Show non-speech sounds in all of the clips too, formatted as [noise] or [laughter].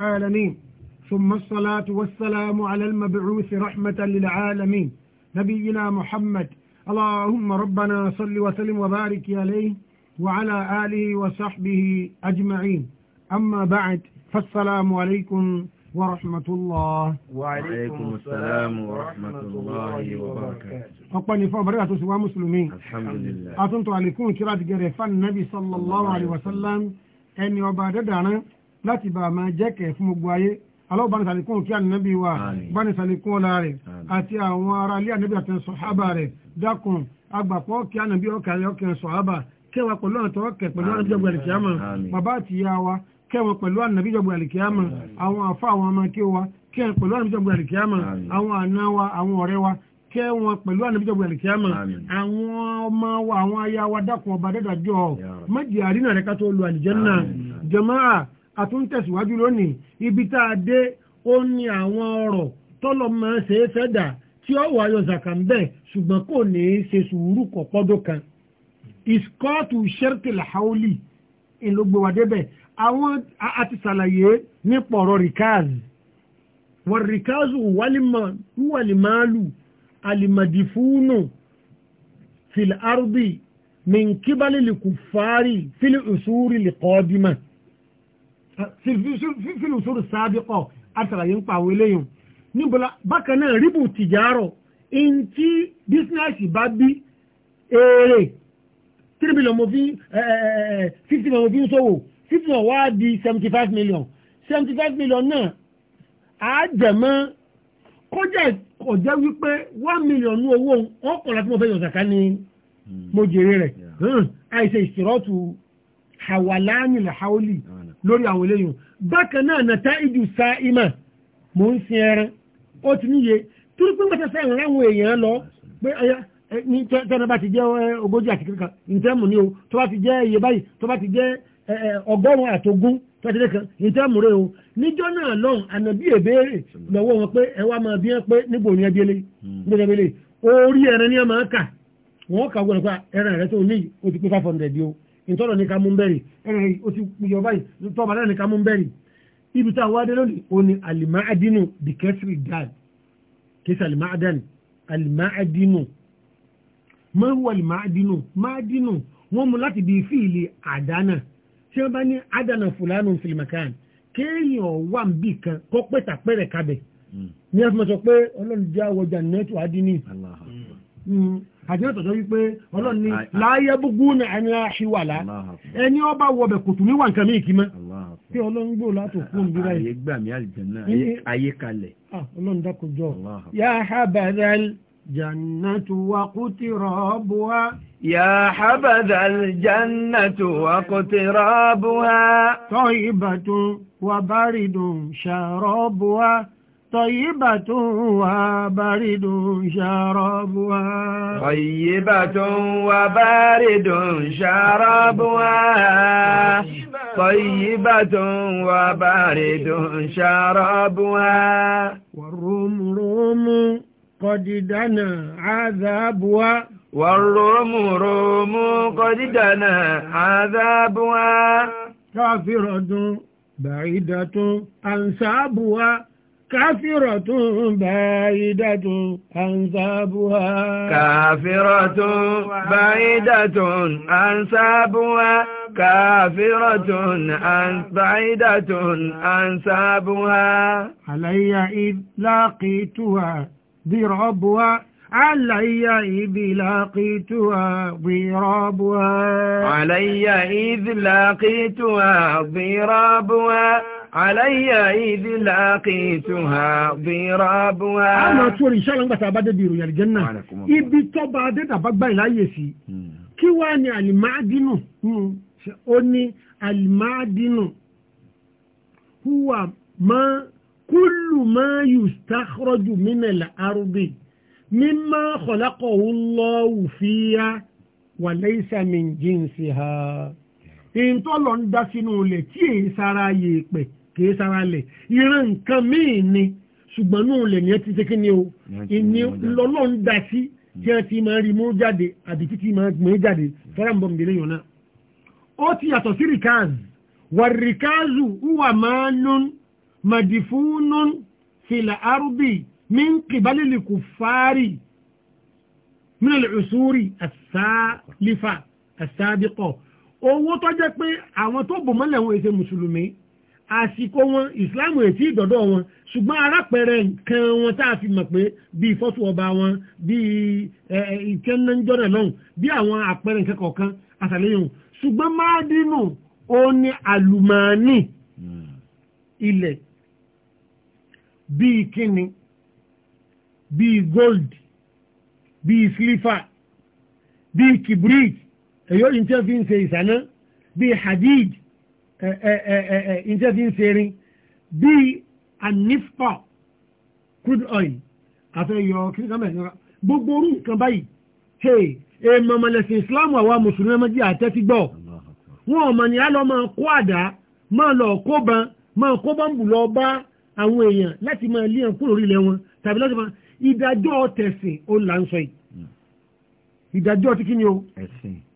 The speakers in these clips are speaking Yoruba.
العالمين ثم الصلاة والسلام على المبعوث رحمة للعالمين نبينا محمد اللهم ربنا صل وسلم وبارك عليه وعلى آله وصحبه أجمعين أما بعد فالسلام عليكم ورحمة الله وعليكم السلام ورحمة الله وبركاته أقبل فبركاته سوى مسلمين الحمد لله أتمت عليكم كرات جريفان النبي صلى الله عليه وسلم أني وبعد دعنا láti bá a máa jẹ́kẹ̀ fún gbogbo ayé aláwọ̀ bá ní sàlékún kí ànábì wa bá ní sàlékún ọ̀la rẹ̀ àti àwọn ará ilé ànábì àti sọ̀hábà rẹ̀ dákun agbàpọ̀ kí ànábì ọkà ayọ́kẹ́ sọ̀hábà kẹwà pẹ̀lú àtọ́ ọkẹ̀ pẹ̀lú àjọgbà àlìkíyàmà bàbá àti ìyá wa kẹwà pẹ̀lú ànábì jọgbà àlìkíyàmà àwọn àfa àwọn ọmọ kí wa kẹwà pẹ̀lú ànábì jọgbà àlìkíyàmà àwọn àna wa àwọn ọ̀rẹ́ wa kẹwọn pẹ̀lú ànábì jọgbà àlìkíyàmà àwọn ọmọ wa àwọn aya wa dákun ọba dẹ́dàjọ́ mẹ́jì àrínà rẹ̀ ká tó lu àlìjánnà jàmáà àtúntẹ̀síwájú lónìí ibi tá a dé ó ní àwọn ọ̀rọ̀ tọ́lọ̀ máa ṣe é fẹ́ dà tí ó wà yọ zàkà ń bẹ̀ ṣùgbọ́n kò ní í ṣe sùúrù kọ̀ pọ́dún kan. ìskọ́ọ̀tù ṣẹ́rìkìlà haúlì ìlógbèwádébẹ̀ àwọn àti ṣàlàyé nípa ọ̀rọ̀ rìkáàzì wọ́n rìkáàzù wàlìmáàlù alìmàdìfúnù fìlárùbì mìǹkíbálì lìkùfárì fìlì ìṣúrì lìkọ́ọ́dìmọ̀ fífìlù sórí sábìkọ̀ àtàlàyé ń pa àwọn eléyìn níbọ̀lá bákan náà ríbù tìjárọ̀ in tí bísínẹ́sì bá bí èrè tíríbì lọ́mọ fi fífì lọ́mọ fi ń sọ̀wọ́ fífì lọ́mọ wá di seventy five million seventy five million náà á jẹ̀mọ́ kọjá ọ̀jẹ́ wípé one million ní owó ọkọ̀lá tí mo fẹ́ yọ̀ sàkà ni mo jèrè rẹ̀ hmm. Hmm. àìsè ìṣòro tu hàwàlánì làhàólì. lórí àwọn eléyìí bákan náà nàta ìjù sa ìmọ̀ mò ń sin ẹran ó ti níye torí pé wọ́n ti sẹ́yìn láwọn èèyàn lọ pé ní tẹ́lẹ̀ bá ti jẹ́ ogójì àti kíkà ìtẹ́mù ni o tó bá ti jẹ́ iye báyìí tó bá ti jẹ́ ọgọ́rùn-ún àtogún ìtẹ́mù rẹ o níjọ́ náà lọ́hùn ànàbí èbéèrè lọ́wọ́ wọn pé ẹ wá máa bí wọn pé níbo ni ẹbí orí ẹran ni wọn máa kà wọn kà wọn pa ẹran rẹ tó ní o ti pé five hundred ìtọ́lọ̀ ní ká mú bẹ́rì ẹ̀rẹ̀ o ti yọ báyìí tọ́ba náà ní ká mú bẹ́rì ibi tá a wá dé lónìí o ní alimaadinu di kẹsìrì dad kẹsì alimaadani alimaadinu máa wọ alimaadinu maadinu wọ́n mú láti bí fíìlì àdánà tí wọ́n bá ní àdánà fúlànù fìlìmọ̀kàn kéèyàn wà ń bì kan kó pẹ́ta pẹ́rẹ̀ kabẹ̀ hmm. ní ẹ̀fọ́ sọ pé ọlọ́run jẹ́ àwọjà nẹ́tù àdínì àdínà tọ̀jọ́ wípé ọlọ́run ni láyé gbogbo ní ẹni aṣíwàlá ẹni ọba wọbẹ̀ kò tún níwà nǹkan mìí kí mọ́ tí ọlọ́run gbò látò fún bí báyìí. àyè gbà mí àlìjẹ̀nà ayé kalẹ̀. Ah, ọlọ́run dákọjọ́ yá habada jannatu wa qutirabuha. yá habada jannatu wa qutirabuha. tọ́ ìbàdàn wa báridùn sharabuha. طيبة وبارد شرابها طيبة وبارد شرابها طيبة وبارد شرابها والروم روم قد دنا عذابها والروم روم قد دنا عذابها كافرة بعيدة أنسابها كافرة بعيدة أنسابها كافرة بعيدة أنسابها كافرة أن بعيدة أنسابها علي إذ لاقيتها ضربها علي إذ لقيتها ضرابها علي إذ لقيتها ضرابها علي إذ لاقيتها ضرابها أنا أتوقع إن شاء الله أنك سأبدأ ديرو يا الجنة إبي تبا ديتا بقبا إلا يسي kí wá ní àlìmáàdínù hmm. ó ní àlìmáàdínù húwà má kúlù má yùstáhọ́rọ́jù mínàlá arúgbì mímá kọ̀lákọ̀ọ́ lọ́wù fíyá wà lẹ́sàmì jíǹsì ha ìntọ́ lọ ń dá sínú ilẹ̀ tí èyí sára ayè pẹ̀ kìí sára lẹ̀ ìran nǹkan míì ni ṣùgbọ́n ní ilẹ̀ ni ẹ ti ṣe kí ni o ìní lọ́lọ́ ń dá sí tí ẹ ti máa rí mú jáde àbí títí máa gbìn jáde fẹ́rẹ̀ ń bọ̀ mí lẹ́yìn náà. ó ti yàtọ̀ sí rìkáàzù wà wà máa nún màdìfúnún fìlà árúbì mí ń kìbálẹ̀lì kò fárì mí lè ṣúrì àṣà lífà àṣà bíkọ̀ owó tó jẹ́ pé àwọn tó bò mọ́lẹ̀ wọn èsè mùsùlùmí àsìkò wọn ìsìláàmù èsì ìdọ̀dọ̀ wọn ṣùgbọ́n arápẹ̀rẹ̀ nǹkan wọn tá a fi mọ̀ pé bíi fọ́tò ọba wọn bíi ìkẹ́nẹ́jọ́rẹ̀ lọ́hùn bí àwọn àpẹẹrẹ nǹkan kọ̀ọ̀kan àtàlẹ́yìn wọn ṣùgbọ́n máàdínù ó ní àlùmọ́ọ́nì ilẹ̀ bíi kíni bíi gold bíi slifa bíi kibrit èyó yìí tí wọ́n fi ń ṣe ìṣáná bíi hadid yìí tí wọ́n fi ń ṣe rin bíi anifpa crude oil àtẹ̀yọ kìrìkàmẹ̀ gbogbo orú nǹkan báyìí hey èèmọ̀ mọ̀lẹ́sìn islam àwa mùsùlùmí ọmọ jẹ́ àtẹ́tí gbọ́ wọn ọmọ ni a lọ máa kó àdá máa lọ kó ban máa kó bọ́ǹbù lọ bá àwọn èèyàn láti máa lé ẹ̀kú lórí ilẹ̀ wọn tàbí láti máa ìdájọ́ tẹ̀sìn ó là ń sọ yìí hmm. ìdájọ́ tí kí ni o ẹ̀sìn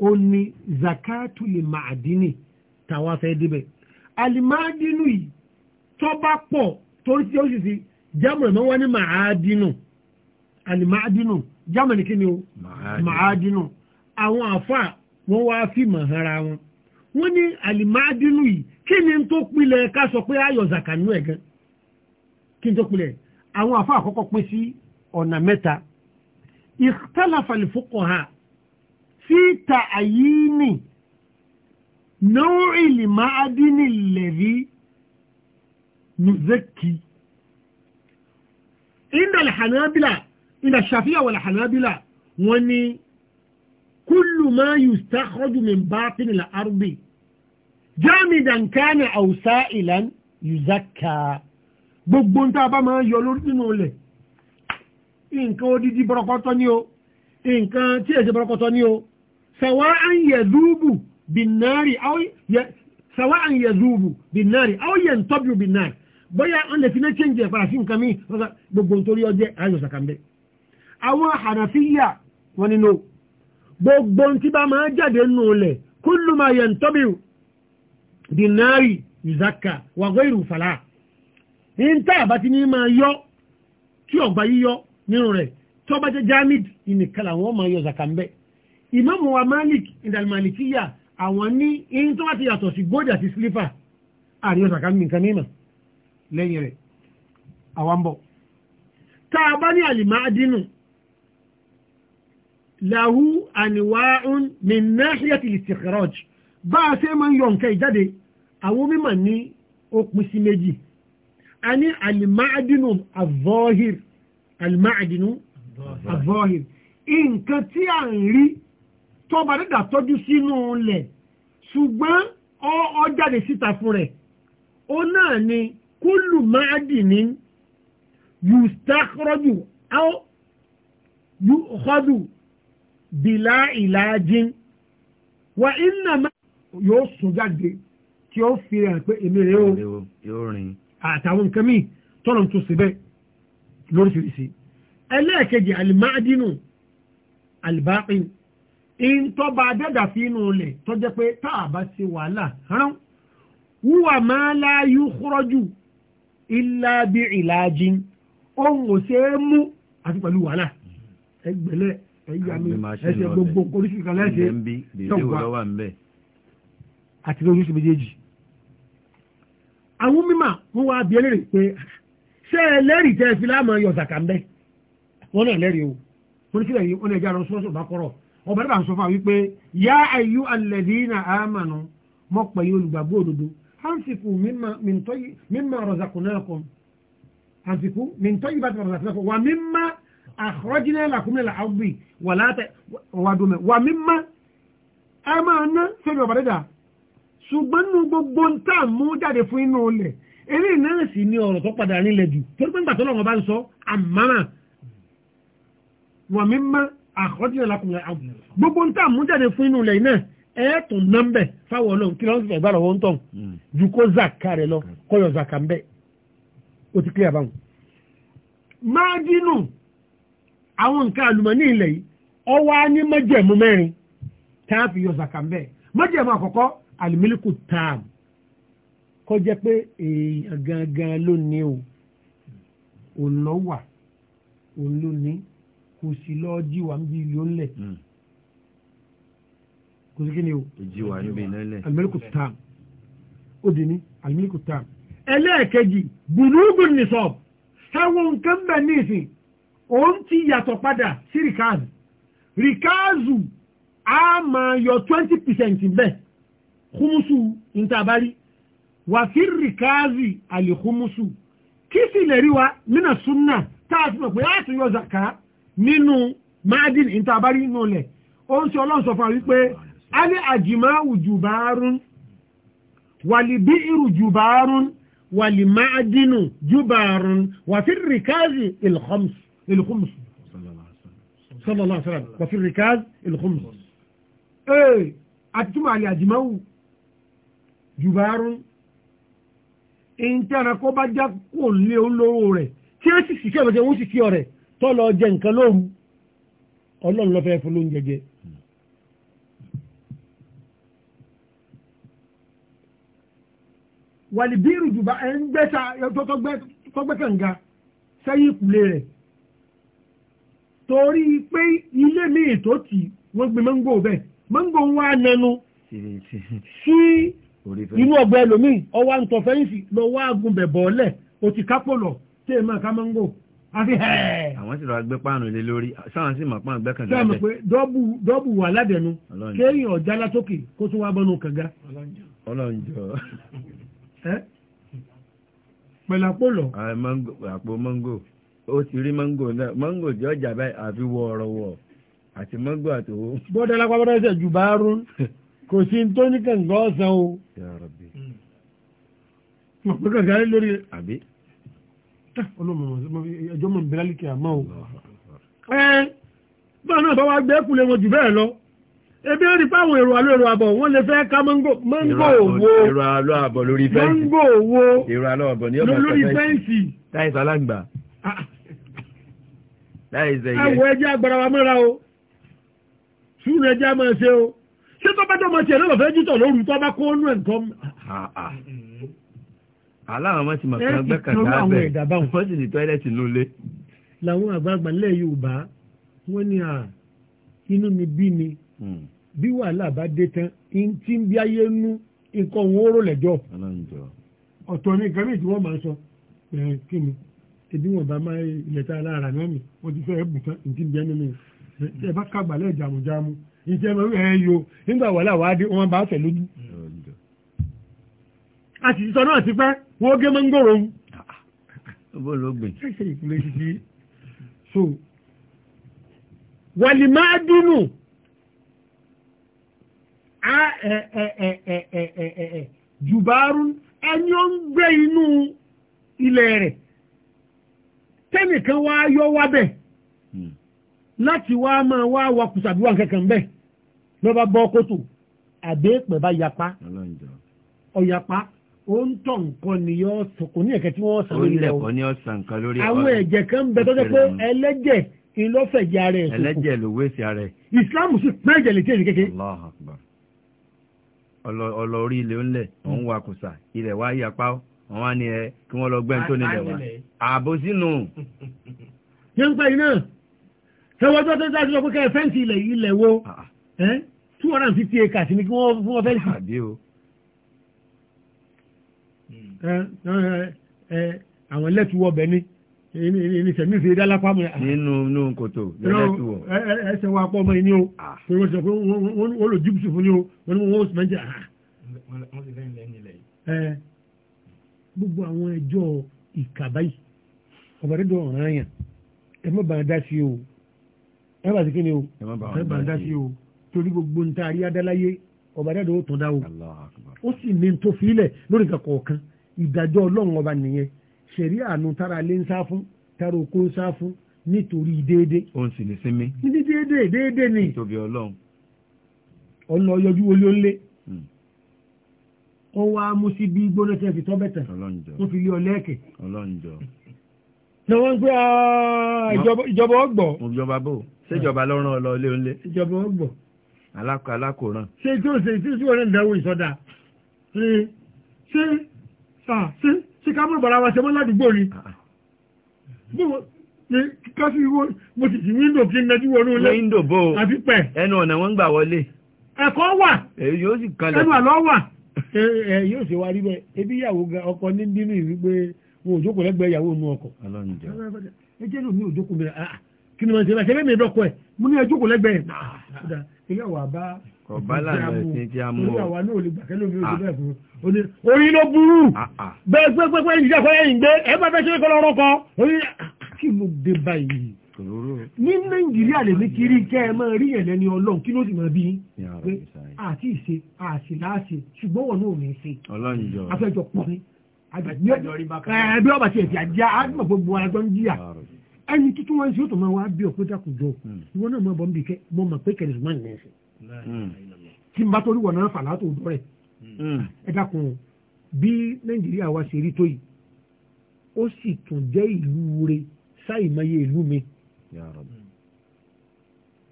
ó ní zakatu lè màdínì tàwa fẹ́ débẹ̀ alimadinu yìí tó pọ̀ torí tí ó sì sí jamani mọ́ ní o àwọn wá fi mahara wọn wọ́n ní alimadinu yìí kí ni tó pilẹ̀ ká sọ pé ayọ̀ zakanu ẹ̀ gan kí ni tó pilẹ̀ àwọn àkọ́kọ́ pín sí ọ̀nà mẹ́ta fi ta'ayini naw'i al-ma'dini alladhi nuzakki inda al-hanabila inda shafi'a wal hanabila wọ́n ní kullu ma yustakhraju min batin al-ardi jamidan kana aw sa'ilan yuzakka gbogbo ń tàbá máa yọ lórí nínú ilẹ̀ nǹkan odidi bọ́rọ̀kọ́tọ́ ní o nǹkan tí èsì bọ́rọ̀kọ́tọ́ ní o سواء يذوب بالنار أو ي... سواء يذوب بالنار أو ينطبع بالنار bóyá wọ́n lè fi ní change ẹ̀fà sí nǹkan míì gbogbo nítorí ọjẹ́ ayọ̀sàkàmbẹ́ àwọn Hanafiya wọn nínú gbogbo tí bá máa jáde nù lẹ̀ kullu ma yantabiu dinari yuzaka wa ghayru fàlà ní tá àbá ti ní máa yọ tí ọgbà yíyọ nínú rẹ̀ tí ọba jẹ́ jamid ìnìkan làwọn máa yọ zakambẹ́ ìmáàmù wa malik ìdàlmàlìkíyà àwọn ní in tó bá ti yàtọ̀ sí gbóòdì àti sílífà àríwọ̀ sàkámi nǹkan mímọ̀ lẹ́yìn rẹ̀ àwọn bọ̀ tá a bá ní àlìmáàdínù lahu àníwáún min nahiyati istikhraj bá a ṣe máa ń yọ nǹkan ìjáde àwọn mímọ̀ ní nǹkan tí a ń rí tọba dídà tọ́jú sínú ilẹ̀ ṣùgbọ́n ọ jáde síta fún rẹ̀ ó náà ni kúlù máàdì ní yùstákọ́rọ́jù áó yùkọ́dù bìlá ìlàjì wà iná yóò sùn jáde tí ó fi hàn pé èmi rẹ̀ ó àtàwọn nǹkan míì tọ́nà tó sì lóríṣiríṣi ẹlẹ́ẹ̀kejì alìmáàdínù alìbáàpínù ìntọ́ba adẹ́dà fi inú ilẹ̀ tó jẹ́ pé táàbá sí wàhálà rán wúwà máa láyú kúrọ́jù ilá bí ìlàjì ohun ò ṣe é mú àti pẹ̀lú wàhálà ẹgbẹ̀lẹ̀ ẹ̀yàmí ẹsẹ̀ gbogbo oríṣiríṣi kan lẹ́sẹ̀ tọ́gbà àti oríṣi méjèèjì. àwọn mímà wọn wá bí ẹlẹ́rìí pé ṣé ẹlẹ́rìí tẹ́ ọba dábàá sọ fún wa wípé yá ayú alladhina amanu mọ́ pẹ̀lú olùgbàgbọ́ òdodo hansiku mimma razaqnakum hansiku mimma razaqnakum wa mimma akhrajna lakum minal ardi wà látẹ̀ wà dùnmẹ̀ wà mimma ẹ máa ná sẹ́yìn ọba dẹ́dà ṣùgbọ́n nínú gbogbo ń tà mú jáde fún inú ilẹ̀ eré náà sì ni ọ̀rọ̀ tó padà rinlẹ̀ jù torí pé ńgbà tó lọ́wọ́ bá ń sọ àmàrà wà mimma àkọ́jìnà lákùnrin àbù gbogbo ń tà mú jáde fún inú ilẹ̀ náà ẹ̀ẹ́tùn nọ́mbẹ̀ fáwọn ọlọ́run kí lọ́n fẹ̀ẹ́ bá lọ́wọ́ ń tọ̀ hmm. ju kó zaka rẹ̀ lọ kọ́yọ̀ zaka ń bẹ̀ ó ti kílẹ̀ àbáwọn. máa dínú àwọn nǹkan àlùmọ́nì ilẹ̀ yìí ọwọ́ á ní májẹ̀mú mẹ́rin tá a fi yọ zaka ń bẹ̀ májẹ̀mú àkọ́kọ́ àlùmílíkù tààmù kọ́ jẹ́ pé èèyàn gangan ló o òun lọ wà òun ló kò sì lọ jí wa ń bí hmm. kò sí kí o. jí wa ń bí ilé tam ó di ní alimẹ́ríkù tam. ẹlẹ́ẹ̀kejì bùnúùgùn nìsọ̀b sáwọn nǹkan bẹ̀ ní ìsìn òun ti yàtọ̀ padà sí rìkáàzù rìkáàzù a máa yọ twenty percent bẹ́ẹ̀ kúmùsù ntàbárí wàfí rìkáàzì àlè kúmùsù kí sì lè rí wa nínà súnà tá a ti pé a ti yọ zàkàá nínú máàdìn ìtàbárí inú ilẹ̀ ó ń sọ ọlọ́run sọ fún wa wípé a ní àjìmá ùjùbárún wàlì bí irú jùbárún wàlì máàdínù jùbárún wà fi rìkáàzì ilkhums sallallahu alaihi wasallam wà fi rìkáàzì ilkhums ee àti túmọ̀ àlè àjìmá jùbárún ìntẹ́ra kó bá já kò lé olówó rẹ̀ tí ó sì sì kẹ́ tó lọ jẹ nǹkan lóru ọlọ́run ló fẹ́ fún ló ń jẹjẹ. wàlìbírù jùbá ẹ̀ ń gbẹ́sà tọ́gbẹ́kànga sẹ́yìn ìkùlé rẹ̀ torí pé ilé míì tó wọ́n gbé mọ́ngò bẹ́ẹ̀ mọ́ngò ń wá nẹnu sí inú ọgbà ẹlòmíì ọwọ́ àǹtọ̀fẹ́yìntì lọ́wọ́ àgùnbẹ̀bọ̀ọ́lẹ̀ kápò lọ àti hẹ́ẹ̀. àwọn sì lọ gbé páànù lé lórí sáwọn sì mọ̀ páànù gbẹ́kànlá rẹ̀. sẹ́mi pé dọ́ọ̀bù wà ládẹ̀nu kéèyàn ọ̀já látòkè kó tún wá bọ́nu kànga. ọlọ́njọ́. ẹ pẹ̀lú àpò lọ. àpò mọ́ngò ó ti rí mọ́ngò náà mọ́ngò jẹ́ ọjà báyìí àfi wọ àti mọ́ngò àti owó. bọ́dà lápá bọ́dà jù bá rún kò sí tó ní kànga ọ̀sán o. mọ̀ pé kànga lórí. àbí ẹjọ́ mọ̀ bẹ́lá líkẹ́ àmọ́ o báwọn náà bá wá gbé kúlẹ̀ wọn jù bẹ́ẹ̀ lọ ebi ó rí fáwọn èrò àlọ́ èrò àbọ̀ wọ́n lè fẹ́ ká mọ́ngò owó èrò àlọ́ àbọ̀ lórí fẹ́ǹsì mọ́ngò owó èrò àlọ́ àbọ̀ ní ọmọ lórí fẹ́ǹsì táyì sálàǹgbà táyì sẹ́yẹ. ẹjẹ́ agbára wa mọ́ra o sùúrù ẹjẹ́ a máa ṣe o ṣé tó bá dọ́mọ tiẹ̀ náà lọ́fẹ́ jútọ̀ lóru tó bá kó nù ẹ̀ ń aláwọn ọmọ ti mọ̀ kan gbẹ́kànlá bẹ̀ wọ́n sì ní tọ́ílẹ̀tì lólé. làwọn àgbààgbà ilẹ̀ yorùbá wọ́n ní à inú mi bí ni hmm. bí wàhálà bá dé tán n tí ń bí ayé nú nǹkan òun ó rò lẹ́jọ́ ọ̀tọ̀ ni nǹkan méjì wọ́n máa ń sọ kí ni ebi wọn bá máa ilẹ̀ tá a lára náà mi wọ́n ti fẹ́ ẹ̀ bùtán n tí ń bí ẹnu mi ẹ bá kàgbà lẹ́ẹ̀ jàmùjàmù ìjẹ́ mọ̀ ẹ yo nígbà wàhálà wàá dé wọn bá fẹ̀ lójú. a sọ náà ti pẹ́ wọ́n gé mọ́ngòrò ń. olóògbé. so wàlì máa dínú jùbárù ẹni ó ń gbé inú ilẹ̀ rẹ̀ tẹ́nìkan wá yọ wá bẹ̀ hmm. láti wá máa wá wakùsà bí wà kankan bẹ̀ lọ́ba bọ́ kótó àbẹ́ẹ̀pẹ̀ bá yapa ọ̀yapa ó ń tọ̀ nǹkan ni yóò sàn kò ní ẹ̀kẹ́ tí wọ́n sàn lórí rẹ̀ o. ó ń lẹ̀kọ́ ní ọ̀sán kan lórí ọ̀rọ̀. àwọn ẹ̀jẹ̀ kan bẹ tó jẹ́ pé ẹlẹ́jẹ̀ ìlọ́fẹ̀jẹ̀ ara ẹ̀ sọ̀kò. ẹlẹ́jẹ̀ ló wéṣẹ̀ ara ẹ̀. ìsìláàmù sì pẹ́ ẹ̀jẹ̀ lè tẹ̀lé kéke. ọlọ orí ilé ńlẹ̀ òun wa kò ilẹ̀ wa yà pa wọn wá ní ẹ kí wọ́n lọ gbẹ́ni nílẹ̀ wa. ààbò sínú. yẹn ń pa iná sọwọ́jọ́ tó dájú lọ pé kẹ́ fẹ́ǹsì ilẹ̀ ilẹ̀ wo ah, ah. two hundred and fifty acres ni kí wọ́n fẹ́ǹsì àwọn lẹ́tùwọ̀ bẹ̀ ni ìníṣẹ́ mi fi dálápá mu. nínú nínú kòtò lẹ́tùwọ̀. ẹsẹ̀ wa pọ̀ ọmọ yìí ni o ah. pé wọ́n sọ pé wọ́n lò jíbùsù fún ni o wọ́n ní wọ́n sọ jẹ́ àhà. wọ́n ti lẹ́yìn lẹ́yìn ilẹ̀ yìí. gbogbo àwọn ẹjọ́ ìkàbá yìí ọ̀bàdàn ọ̀ràn yàn ẹ má bàa dá sí o ẹ bá ti kí ni o ẹ bá dá sí o torí gbogbo ntaari adáláyé ọba dáadọ́ ó tún dá o ó sì ní tó filẹ̀ lórí ìkàkọ̀ kan ìdájọ́ ọlọ́run ọba nìyẹn ṣẹ̀rí àánú tára lé ń sá fún tára oko ń sá fún nítorí déédéé. o ń sì sinmi. ní déédéé déédéé ni. nítorí ọlọ́run. ọ̀nà ọ̀yọ́jú olé olé. Hmm. ó wá mú sí bí gbóná tí a fi tọ́ bẹ̀tẹ̀. ọlọ́njọ́ tó fi lé ọ lẹ́ẹ̀kẹ́. ọlọ́njọ́. ṣé wọ́n ń pẹ́ ìjọba ọgbọ̀. ìjọba bò ṣé ló rán ọ lọ ilé olé. ìjọba ọgbọ̀. alákòrán. ṣé tó ṣe tí ó sì wọ́n náà dáwọ́ ìsọdá. ṣé ṣé ṣe ah, ṣe ká mọ̀ bàrà wa ṣe mọ́ ládùúgbò ni ah, ah. ká sí wo mo sì sí wíńdò kí n nẹjú wọnú ilé wíńdò bò ó àti pẹ̀ ẹnu ọ̀nà wọn gbà wọlé ẹ̀kọ́ wà yóò sì kalẹ̀ ẹnu àlọ́ wà [laughs] yóò ṣe wá rí bẹ́ẹ̀ ebi ìyàwó ọkọ ní bínú ìwí pé wọn ò jókòó lẹ́gbẹ̀ẹ́ ìyàwó inú ọkọ̀ ẹ jẹ́ lómi ò jókòó mi kí ni mo ṣe bá ṣe bẹ́ẹ̀ mi ìdọ́kọ̀ ẹ̀ mo ní ẹ jókòó lẹ́gbẹ̀ẹ́ ọ̀bálà rẹ̀ sí tí a mú ọ. àwa náà lè gbàkẹ́ lómi oṣù ah. bẹ́ẹ̀ fún un. orí ló burú ah, ah. bẹ́ẹ̀ pẹ́pẹ́pẹ́ ìjà fọyẹ́ yìí gbé ẹ bá fẹ́ ṣe kọ́ lọ́rọ́ kan. orí kí ló dé báyìí. ní nàìjíríà lèmi kiri kẹ́ ẹ máa rí yẹn lẹ́ni ọlọ́run kí ló sì máa bí i. pé àti ìṣe àti láàṣe ṣùgbọ́n wọn náà ní ṣe. ọlọ́run jọ afẹ́jọ pọ̀ ní. ẹbí eh, ọba tiẹ̀ ti àjá àgbà gbogbo ara tó ń jìyà ẹni tuntun wọn ṣe ó tó máa wá bí ọ̀pẹ́ dàkújọ hmm. ìwọ náà máa bọ̀ ń bì kẹ́ mọ́ máa pé kẹ́lẹ́ Hmm. tí n bá torí wọ̀ náà fàlà tó dọ́rẹ̀ hmm. ẹ dákun bí nàìjíríà wa ṣe rí tó yìí ó sì tún jẹ́ ìlú re sáìmọye ìlú mi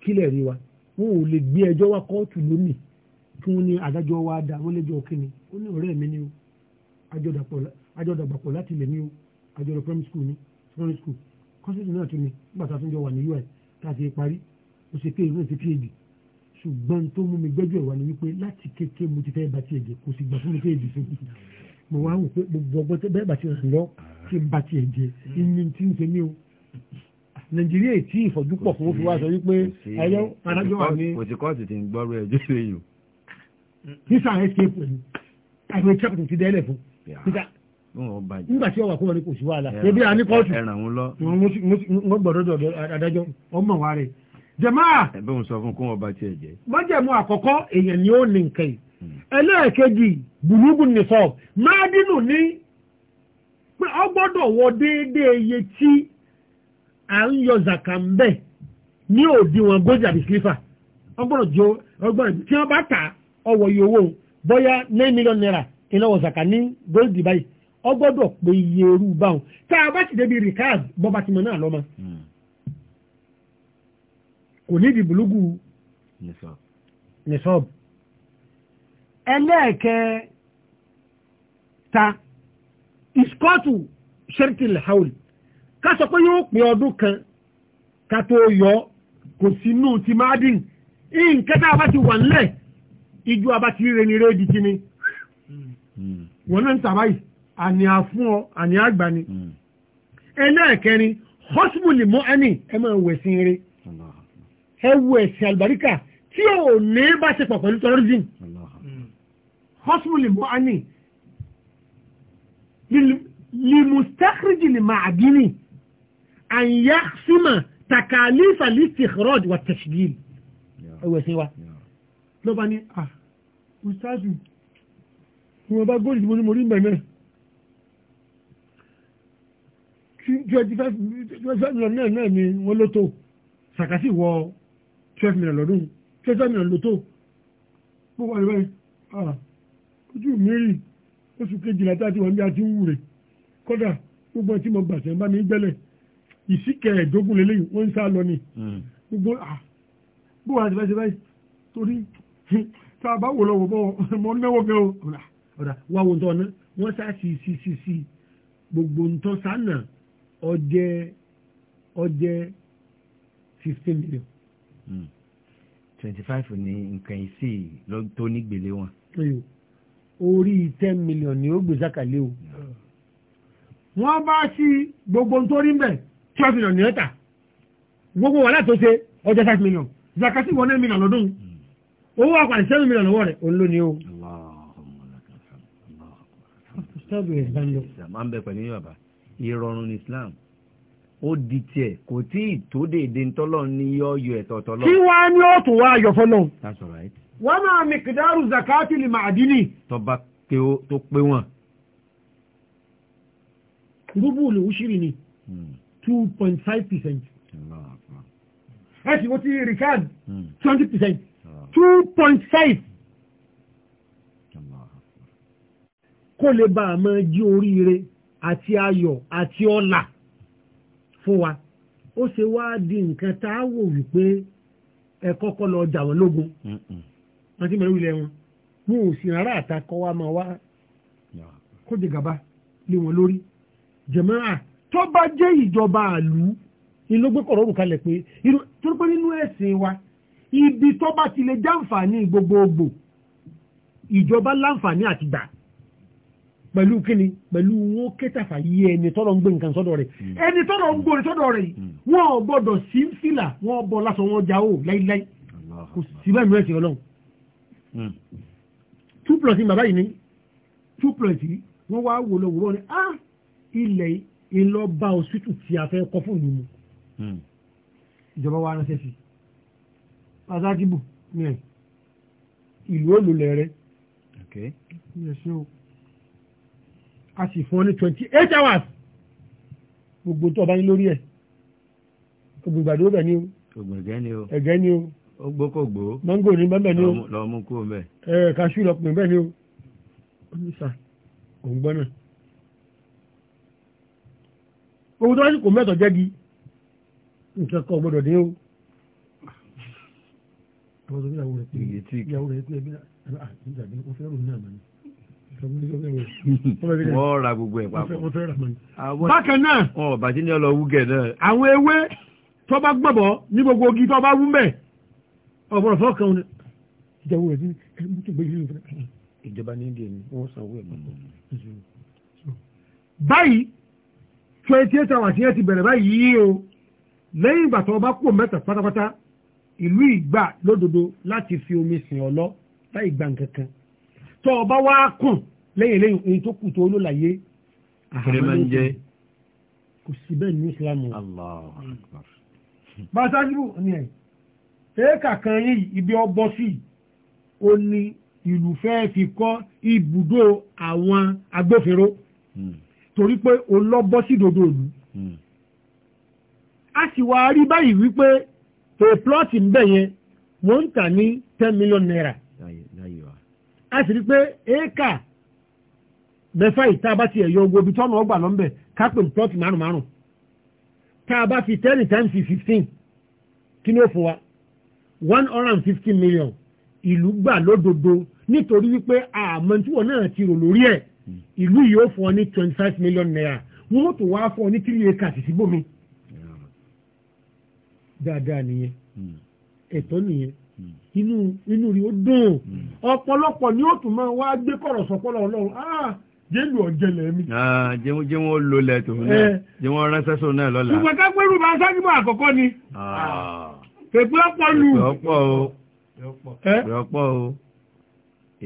kílẹ̀ rí wa wọn ò lè gbé ẹjọ́ wa kóòtù lónìí kí wọ́n ní adájọ́ wa dá wọ́n lẹ́jọ́ kínní ó ní ọ̀rẹ́ mi ni o àjọdàgbàpọ̀ láti lè ní o àjọdọ̀ primary school ni secondary school kọ́sìtì náà tún ni nígbà tá a tún jọ wà ní ui tá a ti parí ó ṣe pé ìlú ìṣe phd ṣùgbọ́n tó mú mi gbẹ́jọ́ ìwà ni wípé láti kékeré mo ti fẹ́ bá tiẹ̀ jẹ́ kò sì gbà fún mi kéèjì sí mo wá wò pé gbogbo ọgbọ́n tẹ́ bẹ́ẹ̀ bá tiẹ̀ lọ tí ń bá tiẹ̀ jẹ́ inú tí ń ṣe mí o nàìjíríà tí ìfọ̀jú pọ̀ fún òfin wa sọ wípé ẹyọ adájọ́ wa ní. kò sí kóòtù tí ń gbọ́rọ̀ ẹjọ́ èèyàn. nísà escape ni àìmọ̀ ìṣàkóso ti dẹ́lẹ̀ fún nígbà tí ọwà kó wọn ni kò sí wàhálà ebi à ní kóòtù wọn gbọ́dọ̀ adájọ́ ọmọ wa rẹ̀ jama'a ebe òun sọ fún kó wọn bá tiẹ̀ jẹ́. májẹ̀mú àkọ́kọ́ èèyàn ni ó ní nǹkan yìí. Hmm. ẹlẹ́ẹ̀kejì bùlúgùn nìfọ̀ máa dínú ní pé ọ gbọ́dọ̀ wọ déédéé iye tí à ń yọ zakambe ní òdiwọ̀n gójà bí ọ gbọ́dọ̀ jó ọ gbọ́dọ̀ tí wọ́n bá ta ọwọ́ iye owó nine million naira ọ gbọ́dọ̀ pé iye kò ní ìdìbòlógù nisab ẹlẹ́ẹ̀kẹ́ ta iskọ́tù shertil haul ká sọ pé yóò pè ọdún kan ká tó yọ kò sínú ti mádìn nǹkan tá a bá ti wà nílẹ̀ ijó a bá ti rere ní rédí kí ni hmm. wọn náà ń tàbá yìí àní àfún ọ àní àgbà ni hmm. ẹlẹ́ẹ̀kẹ́rin hospital mọ́ ẹni ẹ máa wẹ̀ sí eré ẹwù ẹ̀sìn àlùbáríkà tí ò ní bá ṣe pọ̀ pẹ̀lú terrorism hospital mọ́ a ní limustakhriji ni ma'adini an yakhsima takalifa listikhraj wa tashdid ẹwù ẹ̀sìn wa ló bá ní wọn bá góòlù tí ní mo rí mẹ́mẹ́ tí 25 million náà náà ni wọ́n ló tó sàkásì wọ twelve million lọ́dún twelve million lótó mo wà ní báyìí ojú mi rí oṣù kejìlá tá a ti wà níbi àti wúre kódà gbogbo tí mo gbà sẹ́ńbà mi gbẹ́lẹ̀ ìsìkẹ́ ẹ̀ẹ́dógún lélẹ́yìn wọ́n ń sá lọ ni hmm. gbogbo bó wà ní báyìí báyìí torí [laughs] tá a bá wò lọ́wọ́ bọ́ [laughs] mọ́ náwó gẹ́ o ọ̀dà wà wò tọ́ náà wọ́n sá sí sí sí sí gbogbo ntọ́ sánà ọjẹ́ ọjẹ́ fifteen million. Hmm. twenty five ní nǹkan ìsì tó nígbèlé wọn. orí ten million ni ó gbé sákàlẹ́ o hmm. wọ́n bá sí gbogbo nítorí ń bẹ̀ twelve million ní ẹ̀ta gbogbo wàhálà tó ṣe ọjà five million zakasi wọn náà million lọ́dún hmm. owó àpàdé seven million lọ́wọ́ rẹ̀ òun ló ní o. sábẹ̀ ẹ̀ bá ń lọ. ìrọ̀rùn ní Islam ó di tiẹ̀ kò tí ì tó dèédé ntọ́lọ́ ní yọ ẹ̀tọ́ tọ́lọ́. kí wàá ní ó tún wá ayọ̀ fọlọ́. that's all right. wọ́n máa mìkìdárù zakati lè máa dín ní. tọba tó pé wọn. rúbù lè wúṣírì ni hmm. two point five percent. ẹ sì wọ́n ti rìkáàd hmm. twenty percent two point five. kó lè bá a máa jí oríire àti ayọ̀ àti ọlà. fún wa ó ṣe wá di nǹkan tá a wò wípé ẹ kọ́kọ́ lọ jà wọ́n lógun wọ́n ti mẹ́rin ilẹ̀ wọn wọn ò sì rárá àtakọ́ wa máa wá kóde gàba lé wọn lórí jẹ̀mọ́ra tó bá jẹ́ ìjọba àlú ni ló gbé kọ̀rọ̀ òrùka lẹ̀ ibi tó bá ti lè gbogbogbò ìjọba láǹfààní pẹ̀lú kíni pẹ̀lú wọn kẹtàfà yí ẹni tọ́lọ̀ ń gbé nǹkan sọ́dọ̀ rẹ̀ hmm. ẹni tọ́lọ̀ ń gbòòrè sọ́dọ̀ rẹ̀ hmm. wọn ò gbọ́dọ̀ sí fìlà wọn bọ lásọ wọn já o láíláí kò sí bẹ́ẹ̀ mìíràn sí ọlọ́run hmm. two plus bàbá yìí ni two plus yìí wọ́n wá wò lọ wòrán ni ah ilẹ̀ ìlọba òsítù tí a fẹ́ kọ́ fún ìlú ìjọba wa ránṣẹ́ sí pàṣẹ ìlú olùlẹ̀ rẹ̀ a sì fún ọ ní twenty eight hours gbogbo tó o bá ní lórí ẹ̀ gbogbo ìgbàdo bẹ̀ ni o. ògùn ẹ̀gẹ́ ni o. ẹ̀gẹ́ ni o. ó gbó kò gbó. mango ní bẹ́ẹ̀ ni o. lọ mú kó bẹ́ẹ̀. ẹ kaṣú lọ pè ni o. ó ní sà òun gbọ́ náà. owó tó bá kò mẹ́tọ̀ jẹ́gi nǹkan kan gbọ́dọ̀ dé o. àwọn tó bí ìyàwó rẹ̀ pé ìyàwó rẹ̀ pé ẹbí náà ẹbí náà ó fẹ́ rò ní àmàlẹ́ wọ́n ra gbogbo ẹ̀ papọ̀. bákan náà bàtí ni ọlọ wúgẹ̀ náà. àwọn ewé tó bá gbọ̀bọ̀ ní gbogbo ogi tó bá wú mẹ́ ọ̀bọ̀rọ̀ fọ́ọ̀kan ni ìjọba rẹ̀ sí ìjọba ní india ni wọ́n sanwó ẹ̀ mọ́. báyìí twenty eight hours yẹn ti bẹ̀rẹ̀ báyìí o lẹ́yìn ìgbà tó bá kú mẹ́ta pátápátá ìlú ìgbà lódodo láti fi omi sìn ọ lọ láì gbà nǹkan kan tó o bá wá kùn lẹ́yìn lẹ́yìn èyí tó kù tó o ló ni ẹ̀ èékà kan yìí ibi ọbọ sí ó ní ìlú fẹ́ẹ́ fi kọ́ ibùdó àwọn agbófinró hmm. torí pé o lọ bọ́ sí dodo òlu hmm. a sì wá rí báyìí wípé a plot ń bẹ̀ wọ́n ń tà ní ten million naira a sì rí pé éèkà mẹ́fà yìí tá a bá ti ẹ̀yọ ogun omi tọ́nà ọgbà lọ́nbẹ̀ kápẹ́ plọ́ọ̀tì márùn tá a bá fi ten times fifteen kí ni ó fún wa one hundred and fifteen million ìlú gbà lódodo nítorí wípé àmọ́ tí wọ́n náà ti rò lórí ẹ̀ ìlú yìí ó fún ọ ní twenty five million naira wọ́n tó wá fún ọ ní three acres síbòmí dáadáa nìyẹn hmm. ẹ̀tọ́ nìyẹn Hmm. inú inú rí ó dùn hmm. ọ̀pọ̀lọpọ̀ ni ó tún máa wá gbé kọ̀rọ̀ sọ̀pọ̀lọ̀ ọlọ́run ah jẹ́lù ọ̀jẹ̀lẹ̀ mi. Ah, jẹ́ wọ́n lo lẹ́tọ̀ náà eh. jẹ́ wọ́n ránṣẹ́ sọ náà lọ́la. ṣùgbọ́n ká pẹ́rù bá sájúmọ́ àkọ́kọ́ ni. pèpè ah. ọ̀pọ̀ lù. pèpè ọ̀pọ̀ o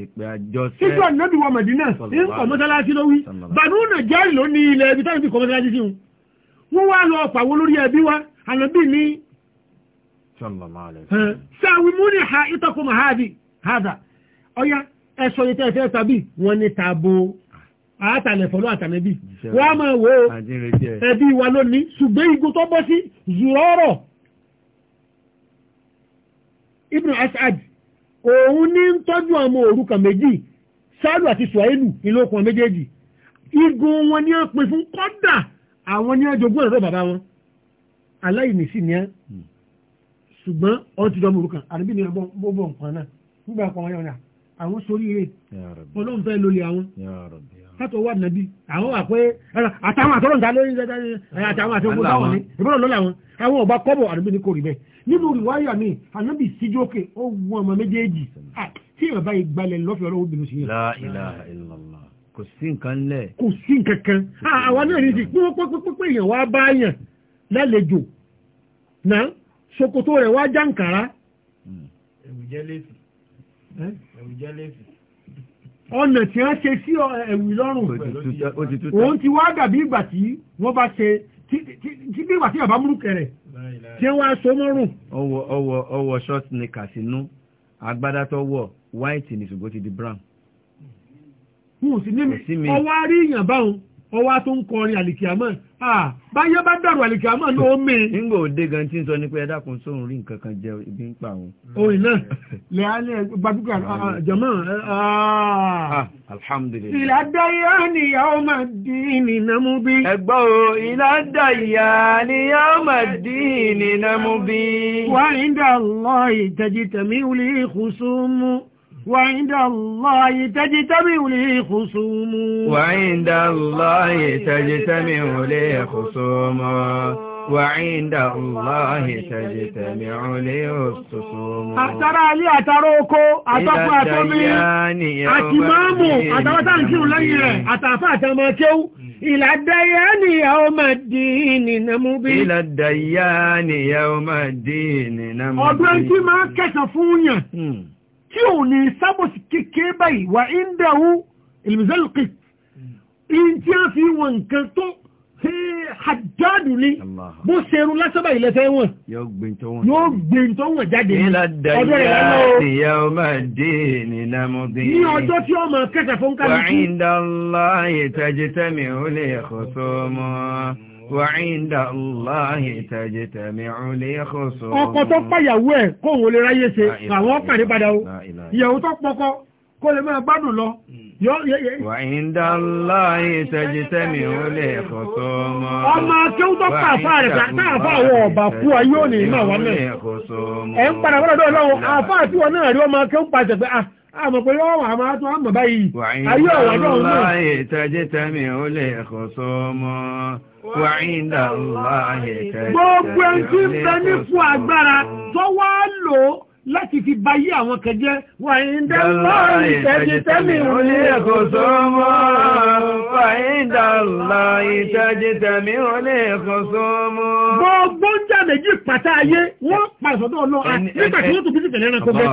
ìpè eh? àjọṣẹ́. títí ọ̀nà bí wọ́n mẹ̀dínà ní nǹkan mọ́sálásí ló wí bàbá òun náà jẹ́rìí ló ní ilẹ̀ ibi táwọn ti kọ́ mọ́sálásí sí wọn. wọ́n wá lọ pàwọ́ lórí ẹbí wa àná bíi ní sallallahu alaihi wasallam. sáwì mú ní ha ìtọ́kùn mahadi hada ọ̀yá ẹ̀sọ́ yìí tẹ́ẹ̀fẹ́ tàbí wọ́n ní tààbò àátàlẹ̀ fọ́lọ́ àtàlẹ́bí wọ́n á máa wo ẹbí wa lónìí ṣùgbọ́n igun tó bọ́ sí zùrọ́rọ̀ ibn asad òun ní ń tọ́jú ọmọ òrukàn méjì sáàlù àti suwailu ìlókun méjèèjì igun wọn ni ó pè fún kọ́dà àwọn ni ó jogún ọ̀rọ̀ bàbá wọn aláìní sí ni á ṣùgbọ́n ọ̀n ti dọ́mọ òrukàn àdébí ni ẹ̀bọ̀n bó bọ̀ nǹkan náà nígbà kan wọn yọ̀ ní àwọn sórí rẹ̀ ọlọ́run fẹ́ lórí àwọn látọ̀ wà nàbí àwọn àpẹ́ àtàwọn àtọ́rọ̀ ń ta lórí àtàwọn àti ọmọ táwọn ní ìbúrọ̀ lọ́la wọn àwọn ọba kọ́bọ̀ àdébí ni kò rí bẹ́ẹ̀ nínú ìwáyà mi ànábì síjókè ó wù ọmọ méjèèjì tí ìrọ̀bá ìgbalẹ̀ lọ́fẹ̀ẹ́ ọlọ́run obìnrin sí yẹn kò sí nǹkan lẹ̀. kò sí nǹkan kan àwọn náà ní ti pé pé pé pé èèyàn wá bá yàn lálejò náà ṣòkòtò rẹ̀ wá jàǹkàrá. Hmm. ẹ̀wù jẹ́ lẹ́sì. ẹ̀wù jẹ́ lẹ́sì. ọ̀nà tí wọ́n ṣe sí ẹ̀wù lọ́rùn òun ti wá dàbí ìgbà tí wọ́n bá ṣe tí bí ìgbà tí bàbá múrùkẹ rẹ̀ tí wọ́n á so mọ́rùn. ọwọ́ ọwọ́ ọwọ́ short knickers inú agbádá tó wọ̀ white ni ṣùgbọ́n ti di brown. mo sì ní ọwọ́ arí ìyàn báwọn wọ́n wá tó ń kọrin àlìkìámọ́ báyẹ́ bá dàrú àlìkìámọ́ ló mé. nígbà òde gan tí ń sọ nípa ẹ̀dá kan sóhun rí nǹkan kan jẹ ibi ń pa òun. orin náà lè á lè gbàdúgbà jọmọ. alhamdulilayi. ìlàdáyà ni yàwó máa di ní námú bí. ẹgbọ́ o ìlàdáyà ni yàwó máa di ní námú bí. wàá ń dà lọ ìtẹ̀jítẹ̀mí wuli ìkùsùn mú. وعند الله تجتمع لي خصوم وعند الله تجتمع لي خصوم وعند الله تجتمع لي الخصوم àtàrà alé àtàrà oko àtọ́kù àtọ́mí àti máàmù àtàwátà ń kírù lẹ́yìn rẹ̀ àtàfà àtàmà kéwú ìlàdàyáni yàwó dìínì nàmú bí ìlàdàyáni yàwó dìínì nàmú bí ọdún tí máa kẹsàn fún yàn hmm tí ò ní sábòsì kékeré báyìí wà ń dàwó ìlúmìsẹ́lùkì in tí a fi wọn nǹkan tó hajjádù ní bó ṣerun lásọ́bà ilẹ̀fẹ́ wọn yóò gbìn tó wọ̀n jáde ọjọ́ ìrànlọ́ ní ọjọ́ tí ọmọ kẹta fún kálukú وعند الله تجتمع لخصوم ọkọ tó pàyàwó ẹ̀ kó òun lè ráyé ṣe àwọn pàdé padà o ìyàwó tó pọkọ kó lè máa gbádùn lọ. Mm. وعند الله تجتمع لخصوم ọmọ akéwú tó pa àfá rẹ̀ káàfá àwọn ọ̀bà fún ayé òní ìmọ̀ wọn náà ẹ̀ ń padà wọ́n lọ́wọ́ àfá àti wọn náà rí ọmọ akéwú pàṣẹ pé ah àmọ̀ pé yọ́ wà máa tún àmọ̀ báyìí ayé ọ̀wọ̀ náà ń lọ. ìtàjẹ́ tàmí ó lè kọ́ sọ ọmọ wà ìdá ọ̀la ìtàjẹ́ ó lè kọ́ sọ ọmọ. gbogbo ẹni tí ń bẹ ní fún agbára tó wá lò ó láti fi báyé àwọn kẹjẹ́ wà ìdálá ìtẹ́jítẹ́mì orí ẹ̀kọ́ tó mọ́ wà ìdálá ìtẹ́jítẹ́mì orí ẹ̀kọ́ tó mọ́ gbogbo ń jà méjì pàtà ayé wọ́n pàṣọ́dọ̀ ọlọ́run nígbàtí wọ́n tó bí sípẹ̀lẹ̀ ẹranko bẹ́ẹ̀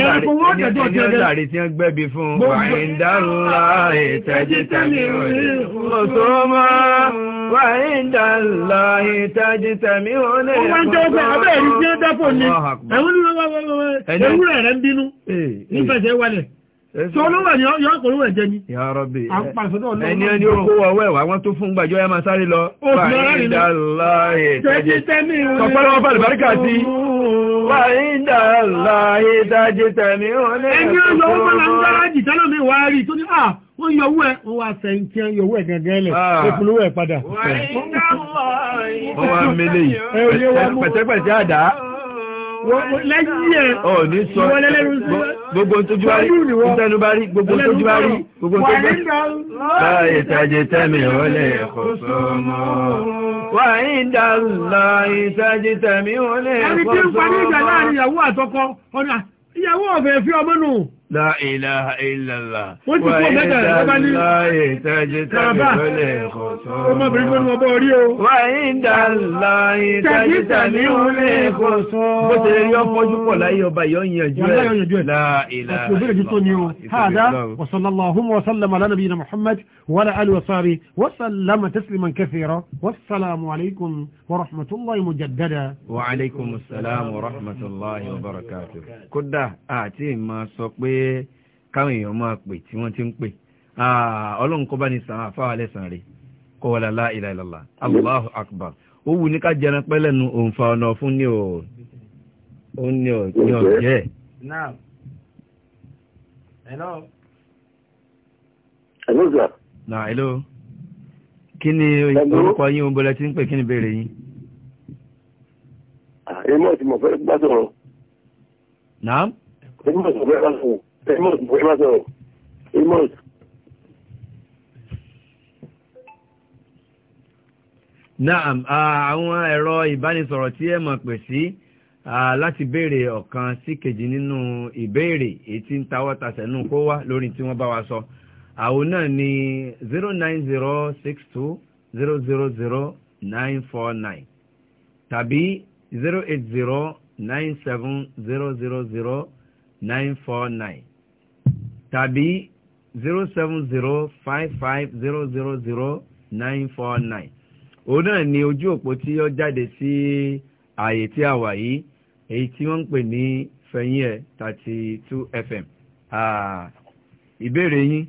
ẹranko wọ́n jẹ́jọ́ ọjọ́ ẹgbẹ́ tí wọ́n gbẹ́bí fún wà ìdálá ìtẹ́jítẹ́mì orí ẹ̀kọ́ tó mọ́ wà ìdálá ìtẹ́jítẹ́mì orí ẹ̀kọ́ tó mọ́ ewúrẹ́ rẹ̀ ń bínú nífẹ̀ẹ́ wálẹ̀ tí olówó ni yọ ọkùnrin rẹ̀ jẹ ni. ya Rabbi ẹni ẹni ó kó wọ wẹ́wà wọn tó fún gbàjọ ẹ máa sáré lọ. fàyídàláyè tẹ́jẹ́ tọ́pọ́lọ́ wọn fàlẹ̀ báríkà sí. fàyídàláyè tẹ́jẹ́ tẹ̀mí ó ní. ẹni ó yọ owó náà ń gáràjì tẹ́lẹ̀ mi wá rí tó ní à ah, wọ́n yọ ẹ̀ wọ́n wá sẹ́yìn tí wọ́n ẹ̀ gẹ́gẹ́ lẹ̀ ìpolówó ah. ẹ̀ padà. wọ́n wá mélé yìí pẹ̀tẹ́pẹ̀tẹ́ lẹ́yìn ẹ̀ ọ̀ní sọ gbogbo tójú bá rí ìtẹnu bá rí gbogbo tójú bá rí gbogbo tójú bá rí. báyìí tajẹ tẹ́mi ọ̀lẹ́ ẹ̀kọ́ sọmọ. wàyí dà lọ ìtajẹ tẹ́mi ọ̀lẹ́ ẹ̀kọ́ sọmọ. ẹni tí ń parí ìjà láàrin ìyàwó àtọkọ ọ̀nà ìyàwó ọ̀fẹ́ fi ọmọ nù. لا إله إلا الله وعند تجتنب الخصوم الله تجتنب الخصوم لا إله إلا الله هذا وصلى الله وسلم على نبينا محمد وعلى آله وصحبه وسلم تسليما كثيرا والسلام عليكم ورحمة الله مجددا وعليكم السلام ورحمة الله وبركاته kódà àti ما sọ káwọn èèyàn máa pè tí wọ́n ti ń pè ah, ọlọ́run kó bá ní sàn àfáà lẹ́sàn rẹ̀ kó wà lálá ilà ìlàlá akbar ó wù ní ká jẹran pẹ́ lẹ́nu òǹfà ọ̀nà fún ní ẹ̀. kí ni orúkọ yín o bọ̀lẹ̀ tí ń pè kí ni béèrè yín. èmi ah, fẹ́ naam. èmi fẹ́ Amos, bó ṣe máa sọ̀rọ̀. Amos. Naam, àwọn ẹ̀rọ ìbánisọ̀rọ̀ tí ẹ máa pè sí láti béèrè ọ̀kan sí kejì nínú ìbéèrè èyí tí ń tawọ́ tasẹ̀ nù kó wá lórí tí wọ́n bá wa sọ. Àwọn náà ni zero nine zero six two zero zero zero nine four nine tàbí zero eight zero nine seven zero zero zero nine four nine. tàbí zero seven náà ni ojú òpó tí ó jáde sí ààyè tí a wà yìí èyí tí wọ́n ń pè ní fẹ̀yìn ẹ̀ fm ìbéèrè yín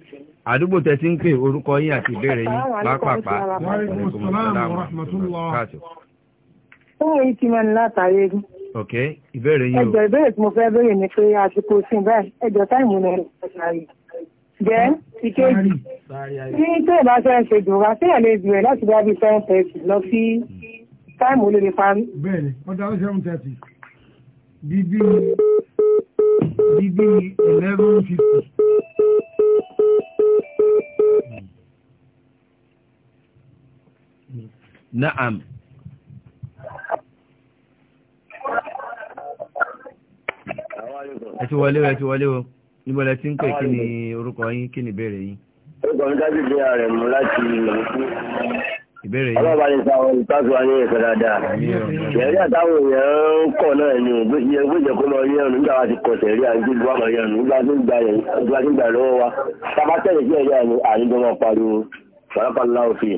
àdúgbò ti ń pè orúkọ yín àti ìbéèrè yín pápápá wàhálà ìmọ̀sán láàmú rahmatulah. ok ìbéèrè yín o. ẹjọ ìbéèrè tí mo fẹ́ béèrè ni pé àsìkò sin báyìí ẹjọ táìmù ni ẹ̀ṣáyé jẹ́ ìkejì ní tó ìbá fẹ́ ṣe dùnra tí ẹ̀ lè bẹ̀rẹ̀ láti bá bí seven thirty lọ sí táìmù ló lè parí. bẹ́ẹ̀ni ó dáwọ seven thirty bíbí bíbí eleven fifty. Naam. ẹ wọlé o ẹ ti wọlé o níbo lẹ ti ń pè kí ni orúkọ yín kí ni ìbéèrè yín. orúkọ mi dájú bí ààrẹ mú láti ìlú. ìbéèrè yín. ọlọ́ba ní sáwọn olùtàkùn wa ní ẹ̀sẹ̀ dáadáa. ìyẹ̀rí àtàwọn èèyàn ń kọ̀ náà ni bó jẹ́ kó lọ rí ẹ̀rù nígbà wa ti kọ̀ tẹ̀rí àti ìlú àmọ̀ ẹ̀rù nígbà tó ń gbà lọ́wọ́ wa. tábà tẹ̀lé sí ẹ̀rí àmì àríjọ máa pariwo pàápàá láòfin.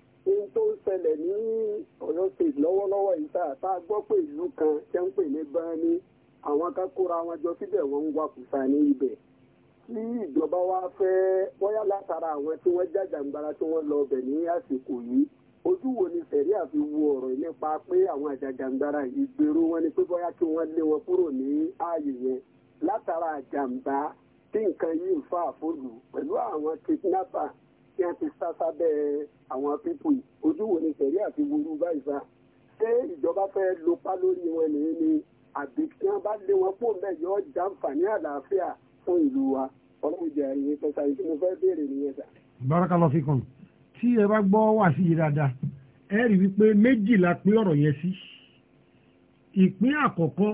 ohun tó ń ṣẹlẹ̀ ní ọ̀yọ́ state lọ́wọ́lọ́wọ́ yìí tá a gbọ́ pé ìlú kan tẹ́ ń pè ní báni àwọn kan kóra wọn jọ síbẹ̀ wọ́n ń wakùsà ní ibẹ̀ tí ìjọba wa fẹ́ bóyá látara àwọn tí wọ́n jàjàǹgbara tí wọ́n lọ bẹ̀ ní àsìkò yìí ojú wo ni sẹ̀rí àfi wo ọ̀rọ̀ nípa pé àwọn àjàjàǹgbara yìí gbèrú wọn ni pé bóyá kí wọ́n lé wọn kúrò ní ààyè yẹn látara àjàǹbá tí nǹkan yìí ń fa àfojù pẹ̀lú àwọn kidnapper kí wọ́n ti sá sábẹ́ àwọn pípù yìí ojú wo ni tẹ̀lé àti wúrú báyìí sá ṣé ìjọba fẹ́ lopá lórí wọn nìyí ni àbí kí wọ́n bá lé wọn pọ̀ mẹ́ yọ jàǹfààní àlàáfíà fún ìlú wa ọlọ́run jẹ́ àríyìn sọ́sà yìí tí mo fẹ́ béèrè nìyẹn sá. barakallahu fikum tí ẹ bá gbọ́ wà sí yìí dáadáa ẹ rí wípé méjìlá pín ọ̀rọ̀ yẹn sí ìpín àkọ́kọ́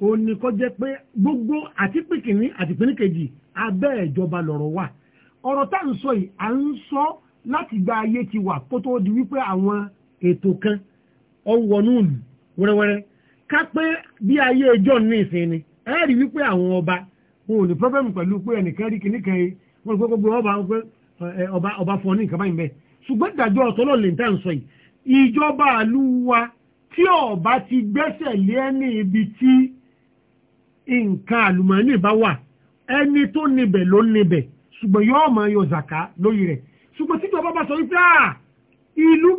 òun ni kó jẹ́ pé gbogbo àtìpìkìní àtìpínlẹ̀ kejì abẹ́ ìjọba lọ̀rọ̀ wà ọ̀rọ̀ tá ń sọ yìí à ń sọ láti gba ayé ti wà kó tó di wípé àwọn ètò kan ọ̀wọ́nú ìlú wẹ́rẹ́wẹ́rẹ́ ká pé bí ayé ẹjọ́ ní ìsìn ni ẹ rí wípé àwọn ọba wọn ò ní pọ́fẹ́mù pẹ̀lú pé ẹnìkan rí kìnnìkan yìí wọn ò pé gbogbo ọba ọba ọba fún ọ ní nǹkan báyìí bẹ́ẹ̀ ṣùgbọ́n ìdájọ́ ọ̀tọ́lọ̀ lè tá ń sọ yìí ìjọba àlú wa tí ọba ti gbẹ́sẹ̀ lé ẹni ibi tí nǹkan àlùmọ́ọ́nì bá wà ẹni tó níbẹ̀ ló níbẹ̀ ṣùgbọ́n yóò ma yọ zàká lórí rẹ̀ ṣùgbọ́n tíjọba bá sọ wípé ah,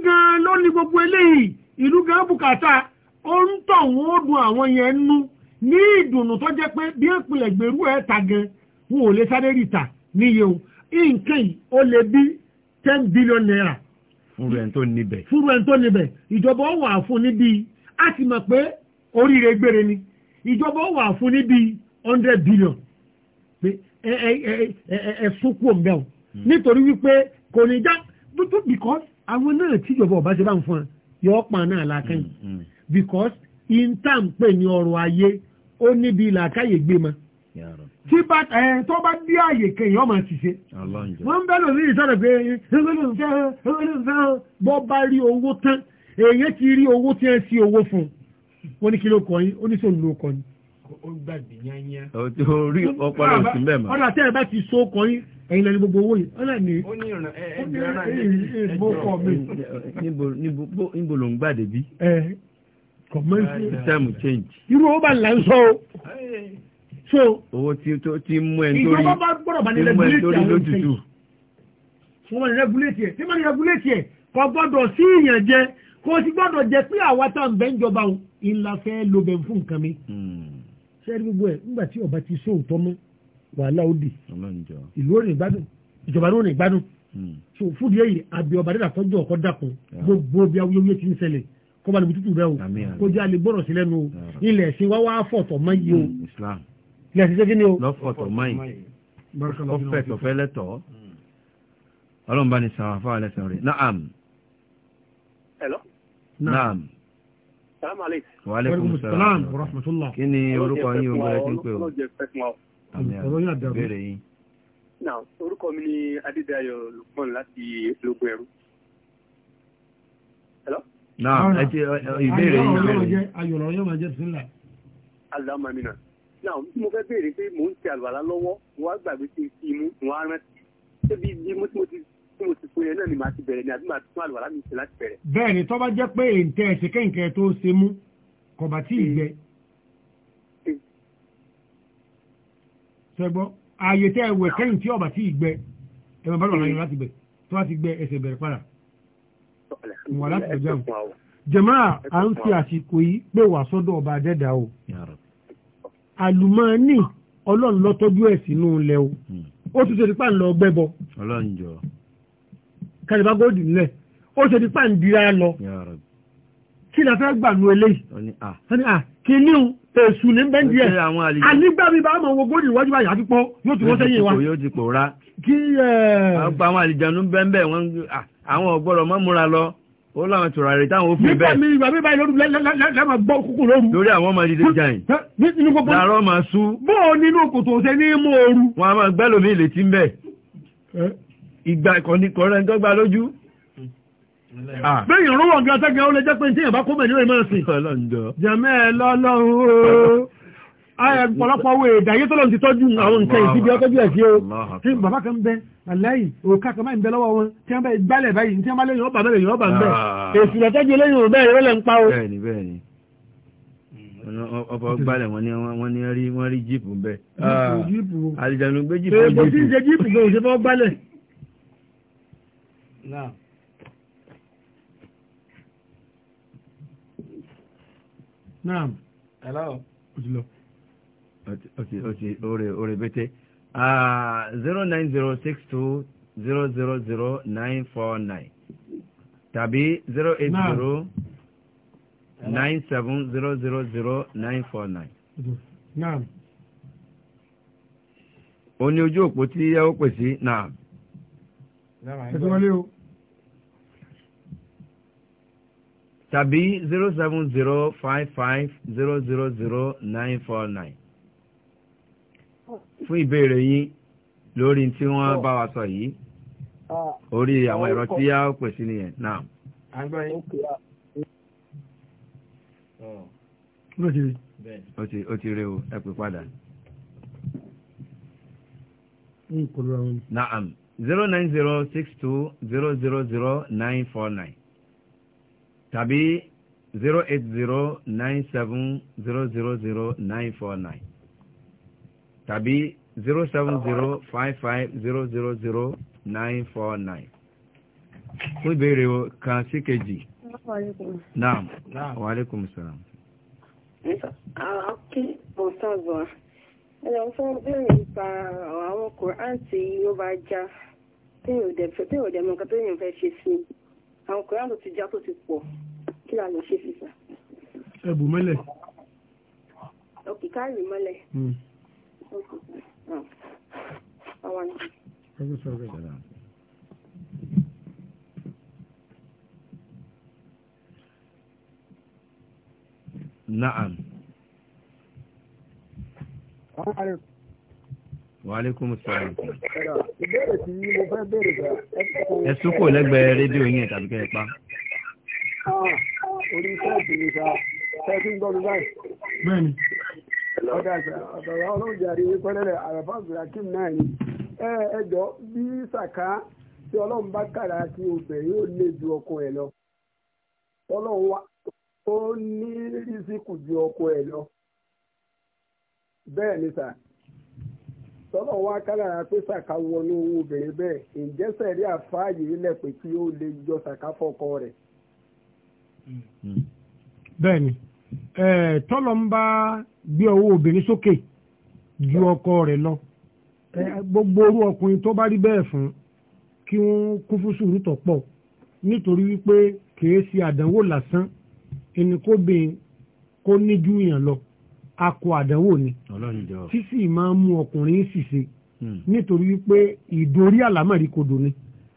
gan ló ní gbogbo eléyìí ìlú gan bùkátà ó ń tọ̀ wọ́n ó dun àwọn yẹn nú ní ìdùnnú tó jẹ́ pé bí ìpìlẹ̀ gbèrú ẹ̀ ta gan wọn ò lè sáré níye o nǹkan yìí ó lè bí ten billion naira. tó níbẹ̀. tó níbẹ̀ ìjọba ó wà fún a mọ̀ ni ìjọba ó wà fún hundred ẹ̀sùn kú òǹbẹ̀ o hmm. nítorí wípé kò ní já dúdú because àwọn náà tíjọba ọba ṣe bá ń fún ẹ yọ pa náà làákàyè hmm, hmm. because in intan pè ní ọrọ̀ ayé ó níbi làákàyè gbé ma tí bá ẹ tó bá bí àyè kẹyìn ọmọ ti ṣe wọn ń bẹ́ẹ̀ lórí ìsọ̀rọ̀ pé bọ́ bá rí owó tán èèyàn ti rí owó tí ẹ ń sí owó fún un wọn ní kí ló kọ yín ó ní sòun ló kọ yín ó gbàgbé yányá. orí ọpọlọ òsì bẹ́ẹ̀ mọ́. ọ̀nà àti ẹ̀rọ bá ti so ọkọ̀ yín ẹ̀yin lẹ́nu gbogbo owó yìí. ó ní ìrànà ẹ̀ẹ́dẹ̀ẹ́dẹ̀ níbo ló ń gbàdé bí. kọ̀mẹ́ntì. time change. irú owó bá ń là ń sọ o. so. owó tí tí mú ẹ nítorí tí mú ẹ nítorí lójútù. wọ́n máa ń rẹ́gúlétì ẹ̀ tí wọ́n máa ń rẹ́gúlétì ẹ̀ kò gbọ́dọ̀ sí ìyàn jẹ kò sì gbọ́dọ̀ jẹ pé àwa tá à ń bẹ́ ń jọba ìlà fẹ́ lobẹ̀ fún nǹkan mi. Hmm sẹ́ẹ̀rí gbogbo ẹ̀ nígbà tí ọba ti sóò tọ́ mọ́ wàhálà ó dì ìlú ò ní gbádùn ìjọba ló ní gbádùn hmm. so fúdi ẹ̀yìn àbí ọba dídà tọ́jú ọkọ dàkún gbogbo bí awuyewuye ti ń ṣẹlẹ̀ kọ́ba níbi tútù rẹ o kó jẹ́ alẹ́ gbọ́dọ̀ sílẹ̀ nu o ilẹ̀ ẹ̀sìn wá wá fọ̀tọ̀ mọ́ yìí o hmm, ilẹ̀ ẹ̀sìn sẹ́kí ni o. lọ́fọ̀tọ̀ mọ́ yìí ọ̀fẹ́ tọ̀fẹ́ lẹ́tọ̀ọ́ hmm. ọlọ́run bá ní Wàhálẹ́kùn sàlám rahmatullah. Kí ni orúkọ yín ogun ẹ̀sìn pé o? Béèrè yín. Náà orúkọ mi ni Adédayọ̀ Lukman láti Lógún Ẹ̀rú. Náà ẹ ti ìbéèrè yín ìbéèrè. Ayọ̀rọ̀ yóò máa jẹ́ sílẹ̀. Aláàmàmínà. Náà mo fẹ́ béèrè pé mò ń tẹ àlùbàlá lọ́wọ́, mo wá gbàgbé sí imú, mo wá rántí. Ṣé bí imú tí mo ti tí mo ti fún yẹn náà ni màá ti bẹ̀rẹ̀ ni àbí màá tún àlùwàlá mi ṣe láti bẹ̀rẹ̀. bẹ́ẹ̀ni tó bá jẹ́ pé èntẹ ẹsẹ kẹńkẹ tó ṣe mú kò bá tí ì gbẹ. sẹgbọn ààyè tẹ ẹwẹ kẹyìn tí ọba tí ì gbẹ ẹ máa bá lọ láti bẹ tó bá ti gbẹ ẹsẹ bẹ̀rẹ̀ padà. wà láti bẹ jẹun jẹmọ à ń fi àsìkò yìí pé wà sọ́dọ̀ ọba àdẹdà o àlùmọ́ọ́nì ọlọ́run lọ́tọ́jú ẹ̀ sínú hmm. ó tún ṣe ti pàǹlọ́ gbẹ́bọ. ọlọ́run jọ kẹrìbá góòdì nílẹ̀ ó ṣe ti pàǹdíra lọ kí la fẹ́ gbà nú eléyìí kí ní ah. ah, èṣù ní bẹ́ẹ̀ díẹ̀ ànígbà mi bá mọ̀ wo góòdì iwájú báyìí àti pọ́ yóò ti wọ́n sẹ́yìn wa yóò ti pòórá kí ọgbà eh, àwọn àlìjànú bẹ́ẹ̀ wọ́n ah, àwọn ọ̀gbọ́dọ̀ mọ́ múra lọ ó láwọn tòràrí táwọn òfin bẹ́ẹ̀. nípa mi ìgbà mi báyìí lóru lẹ́mọ̀ gbọ́ kúkú lóru. lórí àwọn ọmọ ìdílé jàìn. nínú kókó làárọ̀ máa sú. bóò nínú kòtò ṣe ní mọ́ ooru. wọn a máa gbẹ́lòmí ìlétí ń bẹ̀. Eh ìgbà ìkọ̀ni kọ̀rẹ́ tó gbà lójú ah. bẹ́yìn rúwọ̀ nǹkan tẹ́gẹ̀ ó lè jẹ́ pé tí èyàn bá kó mẹ́rin mẹ́rin sí jẹ́mẹ́ lọ́lọ́run ọ̀pọ̀lọpọ̀ owó ìdáyé tó lọ́n ti tọ́jú àwọn nǹkan ìsíbi ọtọ́jú ẹ̀ sí o tí bàbá kan bẹ aláì òkà kan báyìí ń bẹ lọ́wọ́ wọn tí wọ́n bẹ gbálẹ̀ báyìí tí wọ́n bá lẹ́yìn ọba lẹ́yìn ọba ń bẹ ah. èsì ìrọ̀tọ́jú lẹ́yìn òun bẹ́ẹ̀ rẹ́lẹ̀ ń pa o. bẹ́ẹ̀ni bẹ́ẹ̀ni ọba gbálẹ̀ wọn ni wọ́n ní rí jíìpù bẹ́ẹ̀ alìjẹnu ah. gbé jíìpù náà náà hello ok ok ọtí orí orí ah zero nine zero six two zero zero zero nine four nine tabi zero eight zero nine seven zero zero zero nine four nine. náà o ní ojú òpó tí ẹ ó pèsè náà. ẹ̀sùn wọlé o. tàbí zero seven zero five five zero zero zero nine four nine fún ìbéèrè yín lórí tí wọ́n bá wa sọ yìí ah. orí àwọn ẹ̀rọ tí a ó pèsè nìyẹn náà. Ah. Oh. ó ti rẹ o ẹ pè padà. naam zero nine zero six two zero zero zero nine four nine tàbí zero eight zero nine seven zero zero zero nine four nine tàbí zero seven zero five five zero zero zero nine four nine fún ìbéèrè kan sí kejì. naam wa aleykum salaam. Akí Bọ̀sánzọ̀, ẹ̀rọ fún bẹ́ẹ̀rẹ̀ nípa àwọn Kùrán tí bá já tí ò dẹ̀ mọ́ka tó yàn fẹ́ ṣe sí i àwọn kòránù ti já tó ti pọ̀ kí là lọ ṣe sísà. ẹbù mọ́lẹ̀. òkè káàrì mọ́lẹ̀. àwọn àti. ẹgbẹ́ sọ̀rọ̀ bẹ́ẹ̀ dáadáa. Na'am. Assalamu alaikum wàhálẹ́kùn sọ̀rọ̀. ìbéèrè tí mo fẹ́ béèrè gbà. ẹ sókò lẹ́gbẹ̀ẹ́ rédíò yín tàbí kẹ́ ẹ pa. Ah, orí sẹ́ẹ̀tì ni sá thirteen gbọ́dọ̀ báyìí. bẹ́ẹ̀ni. ọ̀dà àtàwọn ọlọ́run jàre pẹ́lẹ́lẹ̀ àràfà abdulhakeem náà ni. ẹ ẹ jọ bí sàká tí ọlọ́run bá kàrà kí obìnrin yóò lè ju ọkọ ẹ̀ lọ. ọlọ́run wa ó ní rísíkù ju ọkọ ẹ̀ lọ. bẹ́ẹ̀ ni sà sọ́nà wa kálára pé sàká wọnú owó obìnrin bẹ́ẹ̀ ǹjẹ́ sẹ̀rí àfáàyè ilẹ̀ pé kí ó lè jọ sàká fọ́kọ rẹ̀. bẹ́ẹ̀ni tọ́lọ̀ ń bá gbé owó obìnrin sókè ju ọkọ rẹ̀ lọ gbogbo orú ọkùnrin tó bá rí bẹ́ẹ̀ fún kí wọ́n kún fún sùúrù tó pọ̀ nítorí wípé kìí ṣe àdánwò lásán ẹni kó bìn kó níjú yàn lọ akọ àdánwò ni tí sì máa ń mú ọkùnrin ṣìṣe hmm. nítorí wípé ìdórí àlámọ̀rí kodò ni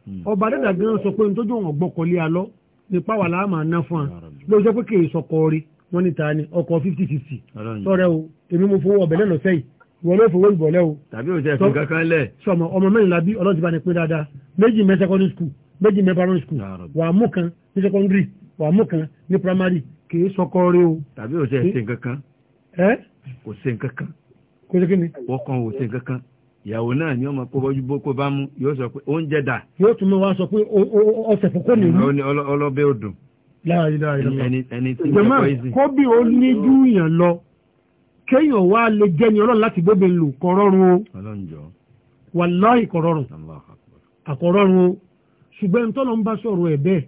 hmm. ọba dẹ́dà gan sọ pé nítorí òun ọ̀gbọ́kọ̀lé alọ́ nípa wà láàmà ná fún wa ló jẹ́ pé kìí sọkọ rí wọ́n ní ni ọkọ̀ fifty fifty sọ̀rẹ́ o èmi mo fowó ọbẹ̀ lẹ́nu sẹ́yìn wọ́n ló fowó ìbọ̀lẹ́ o. tàbí o jẹ́ fún kankan lẹ̀. sọmọ ọmọ mẹ́rin la bí ọlọ́dún bá ní pín dáadáa méjì mẹ́ secondary school méjì mẹ́ primary school wà á mú kan ní secondary wà á mú kan ní primary kìí sọkọ rí o. tàbí o jẹ́ fún kankan. ẹ́ kò sí nǹkan kan kò sí kíni ọkàn ò sí nǹkan kan ìyàwó náà ni ọmọ kọ́bọ́jú bó kó bá mú yóò sọ pé oúnjẹ dà yóò tún mọ wá sọ pé ọsẹ fòkó nìlú ọlọ́bẹ̀ odò ẹni tí ń jẹ́ poison. kóbì ó ní lọ kéèyàn wá lè jẹ́ ni ọlọ́run láti bóbi lù o wàláì kọ́rọ́rùn àkọ́rọ́rùn o ṣùgbọ́n tọ́lọ́ ń bá sọ̀rọ̀ ẹ̀ bẹ́ẹ̀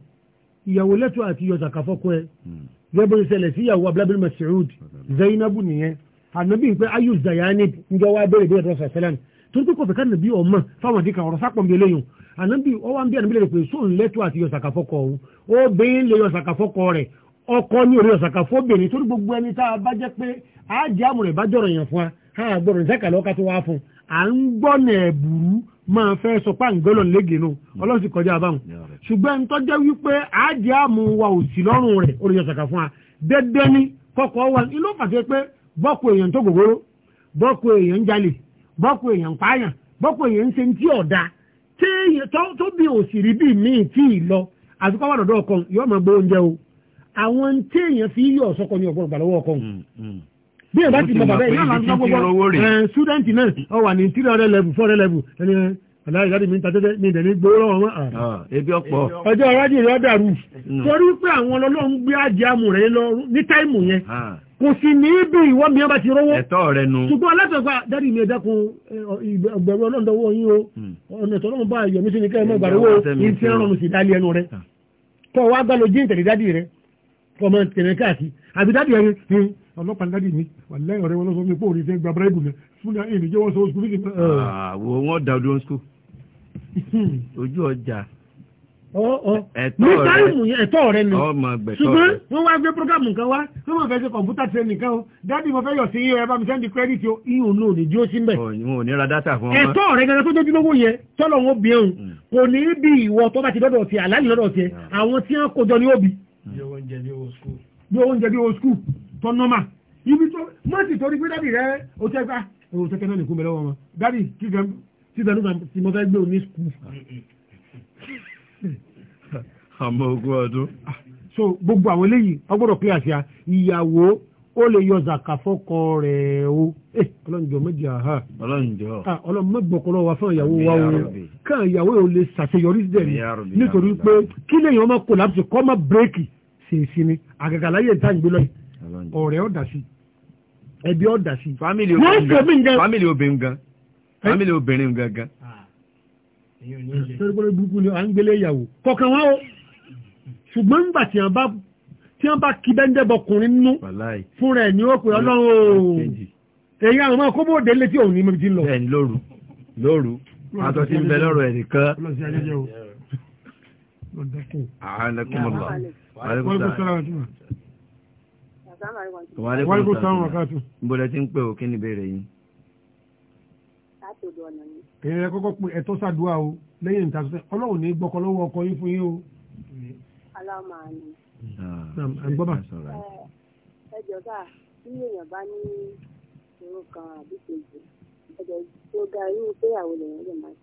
ìyàwó gẹ́gbẹ́ ìṣẹ̀lẹ̀ sí ìyàwó abúlábìlì Mas'ud mhm. Zainabu nìyẹn ànábì ń pẹ́ ayu zayanib ńjọ wá bẹ̀rẹ̀ bí ẹ̀dọ́sà sẹ́lẹ̀n torí pé kò fẹ́ kánàbí ọmọ fáwọn àdìkà ọ̀rọ̀ sápọ̀ ń bẹ̀lẹ̀ yùn ànábì ó wá ń bí ànábì lè pè sóun lẹ́tọ́ àti yọ̀sàkàfọ́kọ̀ òun ó bẹ́ẹ̀ lè yọ̀sàkàfọ́kọ̀ rẹ̀ ọkọ ní orí ọ̀sàkàfọ́ bẹ̀rẹ̀ torí gbogbo ẹni tá a bá jẹ́ pé àájá bá jọ̀rọ̀ yàn fún wa àgbọ̀rọ̀ ìṣẹ́kàlọ́ ká tó wá fún un à ń gbọ́nà ẹ̀bùrú máa fẹ́ sọ pá ń gbọ́lọ̀ lége nù mm. ọlọ́run kọjá báwọn ṣùgbọ́n tó wípé àádìí àmú wa ò sí lọ́rùn rẹ̀ orí fún wa dédé ní kọ́kọ́ wa ilé pé bọ́kù èèyàn tó gògóró bọ́kù èèyàn ń jalè bọ́kù èèyàn ń pààyàn bọ́kù èèyàn ń ṣe tí ọ̀dà tó bí lọ yóò máa o àwọn tí fi yí bí ẹ bá ti mọ bàbá yìí náà lọ gbogbo ẹ student náà ọ wà ní three hundred level four hundred level ẹni aláì láti mi ń ta tẹ́tẹ́ mi ìdẹ̀ ní gbowó lọ́wọ́ wọn. Ah, ebi ọ̀pọ̀. ọjọ́ iwájú rẹ̀ dàrú. Hmm. torí pé àwọn ọlọ́run gbé àjẹmù rẹ̀ lọ ní táìmù yẹn. Ah. kò sì ní bí ìwọ mi bá ti rówó. ẹ̀tọ́ rẹ nu. ṣùgbọ́n alátọ̀gbà dáàdi mi ẹ̀dákun ọgbẹ̀rún ọlọ́run dọwọ́ yín o hmm. ọ̀nà ìtọ́lọ́run bá yọ̀mí sí ni kẹ́ ẹ̀ mọ́ ìgbàlówó ìfẹ́ rọrùn sí dálé ẹnu rẹ̀. Ah. kọ́ wa gbàlódé ìtẹ̀lẹ́dádì rẹ̀ kọ́ mọ́ tẹ̀lẹ́ káàkiri àbí dádì rẹ̀ ọlọ́pàá ńlá dì mí wàlẹ́ ọ̀rẹ́ wọn lọ sọ fún mi pé òrìṣẹ́ gba bíráìbù mi fún mi èyí níjẹ́ wọ́n sọ skul fífi. àwo wọn da ojú skul ojú ọjà ní táìmù ẹ̀tọ́ rẹ ni ṣùgbọ́n wọ́n wá gbé prógámù kan wá wọ́n mọ̀ fẹ́ ṣe kọ̀ǹpútà tẹ nìkan o dáàdì mo fẹ́ yọ̀ sí iye ẹ bá mi sẹ́ndì kírẹ́dìtì o iye òun ò ní dúró sí mbẹ̀. wọn ò ní ra dátà fún ọmọ. ẹ̀tọ́ rẹ gẹ́gẹ́ tó dójú lówó yẹn tọ́lọ̀ wọn bí ẹ̀hún hmm. kò ní bí ìwọ tó bá ti dọ́dọ̀ ti àlàyé lọ́dọ̀ ti ẹ̀ hmm. àwọn tí wọ́n kójọ ní òbí. bí owó oúnjẹ bí owó skul tó ibi tó mọ́tì torí pé dádì rẹ o tẹ́ gbá o tẹ́ kẹ́nà nìkú mẹ́lẹ́wọ́ wọn dádì títẹ̀ nígbà tí mo fẹ́ gbé o ní skul. àmọ́ ogún ọdún. so gbogbo àwọn eléyìí ọgbọ́dọ̀ pé àṣà ìyàwó ó lè yọ zaka fọ́kọ rẹ̀ o eh, ọlọ́njọ́ méjì àhá ọlọ́njọ́ ah, ọlọ́mọgbọ̀kọ́lọ́ wa fún ìyàwó wa o ká ìyàwó yóò lè ṣàṣeyọrí dẹ̀ nítorí pé kí lèèyàn máa kò láti kọ́ máa bírèkì ṣèṣin ni àgàgà láyé ìta ìgbélọ́yìí ọ̀rẹ́ ọ̀dà sí ẹbí ọ̀dà sí. fámìlì obìnrin gan fámìlì obìnrin gan gan. sọ́dọ̀ gbọ́dọ̀ burúkú ni à ń gbélé ìyàwó kọ̀ọ̀kan wọn o ṣùgbọ́n nígbà tí wọ́n bá tí wọ́n bá kí bẹ́ńdẹ́ bọkùnrin nínú fúnra ẹ̀ ní ó pè ọlọ́run o èyí àwọn ọmọ kóbó òde létí òun ní mo ti lọ. bẹ́ẹ̀ni lóru lóru àtọ tí ń bẹ lọ́rọ̀ ẹ nìkan. ààrẹ kúmọlá wàlúùkù sàn wà káàtó. nbọ̀dẹ̀ tí ń pè ó kí ni ìbéèrè yín. èyí ẹ kọ́kọ́ pé ẹ̀tọ́ sàdúrà o lẹ́yìn níta sọ́sẹ́ ọlọ́run ní gbọ́kọ lọ́wọ́ ọkọ yín fún yín o. aláàmà ni. ẹ gbọ́ bá. ẹ jọ bá bí èèyàn bá ní ìṣòro kan àbí kejì ẹ̀jẹ̀ tó ga irú péyàwó lèèyàn lè máa.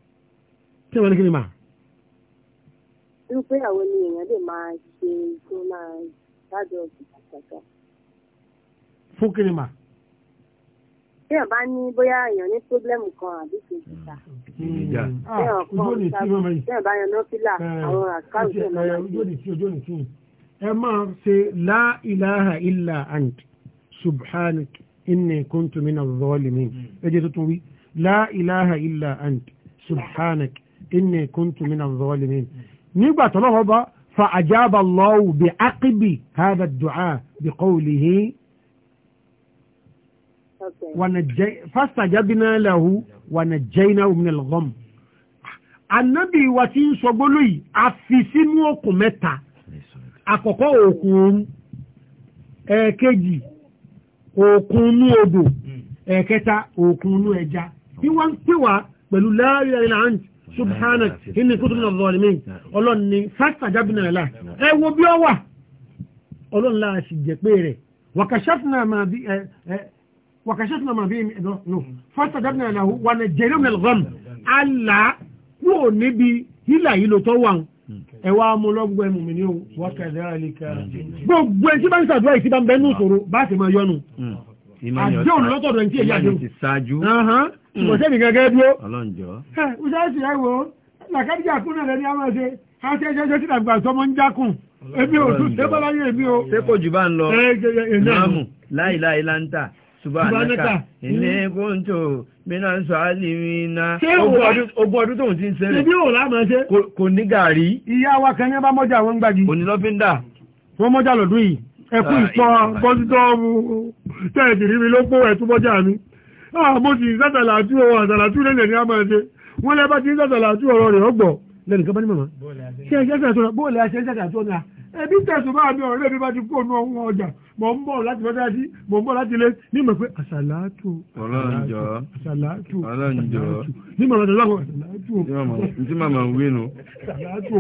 kí ni wọ́n ní kí ni mà? irú péyàwó ni èèyàn lè máa ṣe tó máa dájọ́ ìgbà fúkìrìmà. bí ọba ní bóyá èèyàn ní pọ́blẹ́mù kan àbí kejì mm. ah, ta. ojú ni tí eh, wọn máa yìí. bí ọba yan nọ́fìlà àwọn àkáǹtì ẹ̀ máa yìí. ojú ni tí ojú ni tí ẹ máa ṣe la ilaha illa ant subhanak inni kuntu minaz zalimin mm. ẹ jẹ́ tuntun wí la ilaha illa subhanak inni kuntu minaz zalimin nígbà tọ́lọ́wọ́ bá fa ajaba bi aqibi hadha ad bi qawlihi fastajabna lahu wa najjaynahu min al-gham anabi wa ti ń sọ gbóló yìí a fi sínú òkun mẹ́ta àkọ́kọ́ òkun ooru ẹ̀ẹ̀kejì òkun inú odò ẹ̀ẹ̀kẹta òkun inú ẹja bí wọ́n ń pè wá inni kuntu minaz zalimin ọlọ́run ni fastajabna lahu ẹ wo bí ọ wà ọlọ́run láà sì jẹ́ pé rẹ̀ wa kashafna máa bí وكشفنا ما فيه نو فاستجبنا له ونجينا من الغم الا kúrò níbi hílà yìí ló tọ́ wà ń ẹwà amúlọ́gbọ̀ ẹmù mi ní o. gbogbo ẹ̀ tí bá ń ṣàdúrà ìsí bá ń bẹ́nu ìṣòro bá sì máa yọnu. àjọ òun lọ́tọ̀dọ̀ ní tí èyí àjọ. kò sẹ́ni gẹ́gẹ́ dúró. ọ̀sẹ̀ sì ẹ̀ wò ó làkàdíjà kúnlẹ̀ rẹ̀ ní àwọn ẹ̀ṣẹ̀ àti ẹ̀ṣẹ̀ ṣe tìlàgbà sọmọ ń jákùn èmi ò tún ṣe bọ́lá yé èmi o. ṣé kò jù bá ń lọ láìláì láńtà subhanaka ilé kóńtò mìíràn sọ àlìmínà ogún ọdún tóun ti ń sẹ́rẹ̀ ibi òun láàmà ṣe kò ní gàrí ìyá wa kan yẹn bá mọ́jà wọn gbági kò ní lọ́fíńdà wọ́n mọ́jà lọ́dún yìí ẹ̀kú ah, ìpọ́ bọ́sítọ́ọ̀mù tẹ́ẹ̀dì rí mi ló kó ẹ̀tú mọ́jà mi ah, mo sì sátàlà àti ọwọ́ àtàlà tí lẹ́lẹ̀ ní àmà ṣe wọ́n lẹ́bá ti ń sátàlà àti ọ̀rọ̀ rẹ̀ ọgbọ̀ lẹ́nìkan bá ní màmá mò ń bọ̀ láti bọ́dá sí mò ń bọ̀ láti ilé ní ìmọ̀ pé àṣàlátù ọlọ́njọ́ àṣàlátù ọlọ́njọ́ ní ìmọ̀ lọ́dọ̀ lọ́kọ̀ àṣàlátù ntí màmá ń wí nu. àṣàlátù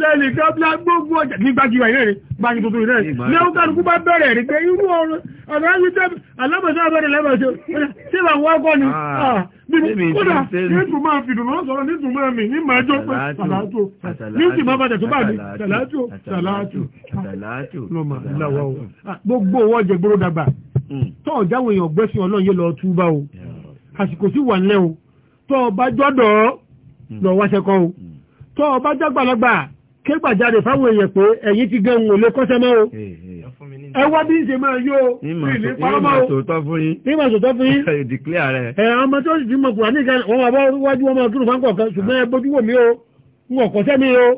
lẹ́yìn gábíà gbogbo ọjà ní gbagiwa ilé rẹ̀ gbagi tuntun ilé rẹ̀ ní ọ̀gá àdúgbò bá bẹ̀rẹ̀ rí pé irú ọ̀rọ̀ àbẹ̀rẹ̀ kódà nítorí máa fi dùnmọ́ sọ̀rọ̀ nítorí máa mi ní máa jọ pé sàlátò ní sì máa bàjẹ́ tó bá mi sàlátò sàlátò lọ́mà láwa o gbogbo owó ọjẹ́ gbóró dàgbà hmm. tó ọ̀jáwò èèyàn gbẹ́sìn ọlọ́run yé lọ túbá o àsìkò sí wà nílẹ̀ o tó ọba jọ́dọ̀ hmm. lọ wáṣẹ kọ́ o hmm. tó ọba jágbàlagbà kégbàjáde fáwọn èèyàn pé ẹ̀yìn ti gẹ̀ ń wò lé kọ́sẹ́ mọ́ o ẹwà bí ń ṣe máa yóò ìlú pàmò ìmọ̀sòtọ́ fún yín ìmọ̀sòtọ́ fún yín ìdíklé ààrẹ ẹ̀ ọmọ tó sì ti mọ̀ kùrà nígbà wọn wà bá wájú ọmọ ọdún fún kọ̀ọ̀kan ṣùgbọ́n ah. ẹ bójú wò mí o ń wọ̀ kọ́sẹ́ mi o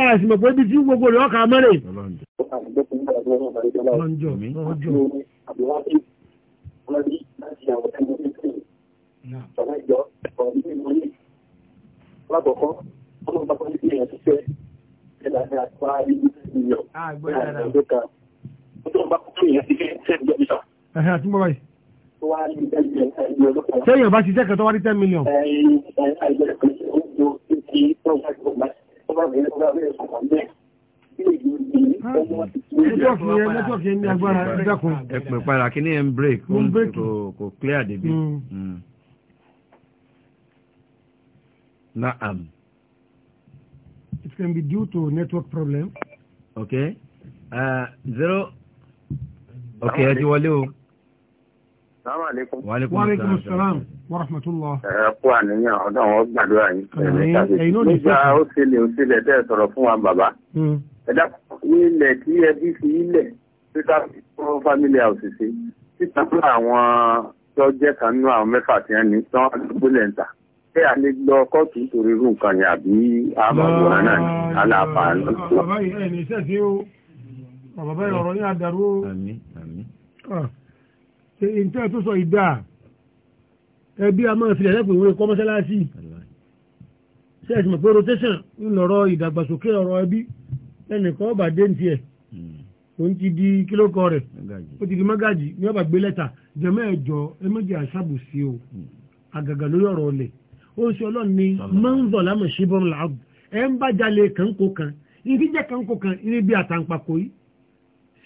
ara hmm. sì mọ̀ pé ibi tí gbogbo rẹ̀ ọkà mọ́rẹ̀. ọjọ́ mi ọjọ́ lákọ̀ọ́kọ́ ọmọ bàbá ní ìyẹn ti fẹ́ ẹ̀dá ní àpá ìlú ìyọ̀ àgbẹ̀ sẹ́yìn ọba ṣiṣẹ́ kẹtọ́ wá ní ten million. nẹ́tíwọ̀kì yẹn ní agbára ẹ̀dẹ́kun. ẹ̀pẹ̀ padà kí ni ẹ̀ ń break kò clear débi. Hmm. Hmm. naam. it can be due to network problem. okay. Uh, zero ok ẹ ti wọlé o. Assalamu alaikum. Wa alaikum assalam wa rahmatullah. Ẹ kú àníyàn ọ̀dọ̀ wọn gbàdúrà yín. Ẹ̀yin náà ní sọ́kà. Nígbà ó ṣẹlẹ̀ ó ṣẹlẹ̀ tẹ́ sọ̀rọ̀ fún wa bàbá. Hmm. Ẹ dákun ilẹ̀ tí ẹbí fi ilẹ̀ títà fún family house ṣe títà fún àwọn tó kan nínú àwọn mẹ́fà tí wọ́n ní tí àdúgbò lẹ̀ ń tà. Ṣé a lè lọ kóòtù nítorí irú nǹkan yẹn àbí àbàbọ̀ náà ní aláàbà lọ́wọ́? bàbá yìí ọ̀rọ̀ yín àdàrú o ǹtẹ́ tó sọ ìdá ẹbí a máa filẹ̀ kọ́ ṣe ẹ̀sìn pé rotation ńlọrọ ìdàgbàsókè ọ̀rọ̀ ẹbí ẹnìkan ọba dé ní tiẹ̀ òun hmm. ti di kílókọ rẹ̀ ó ti di mágàjì ní ọba gbé lẹ́tà ẹ̀jọ́ o hmm. àgàgà lórí ọ̀rọ̀ ọ̀lẹ̀ ó ṣe ọlọ́run ní mọ́ńzọ̀ lámọ̀ làágùn ẹ̀ ń bá jalè kan kan yìí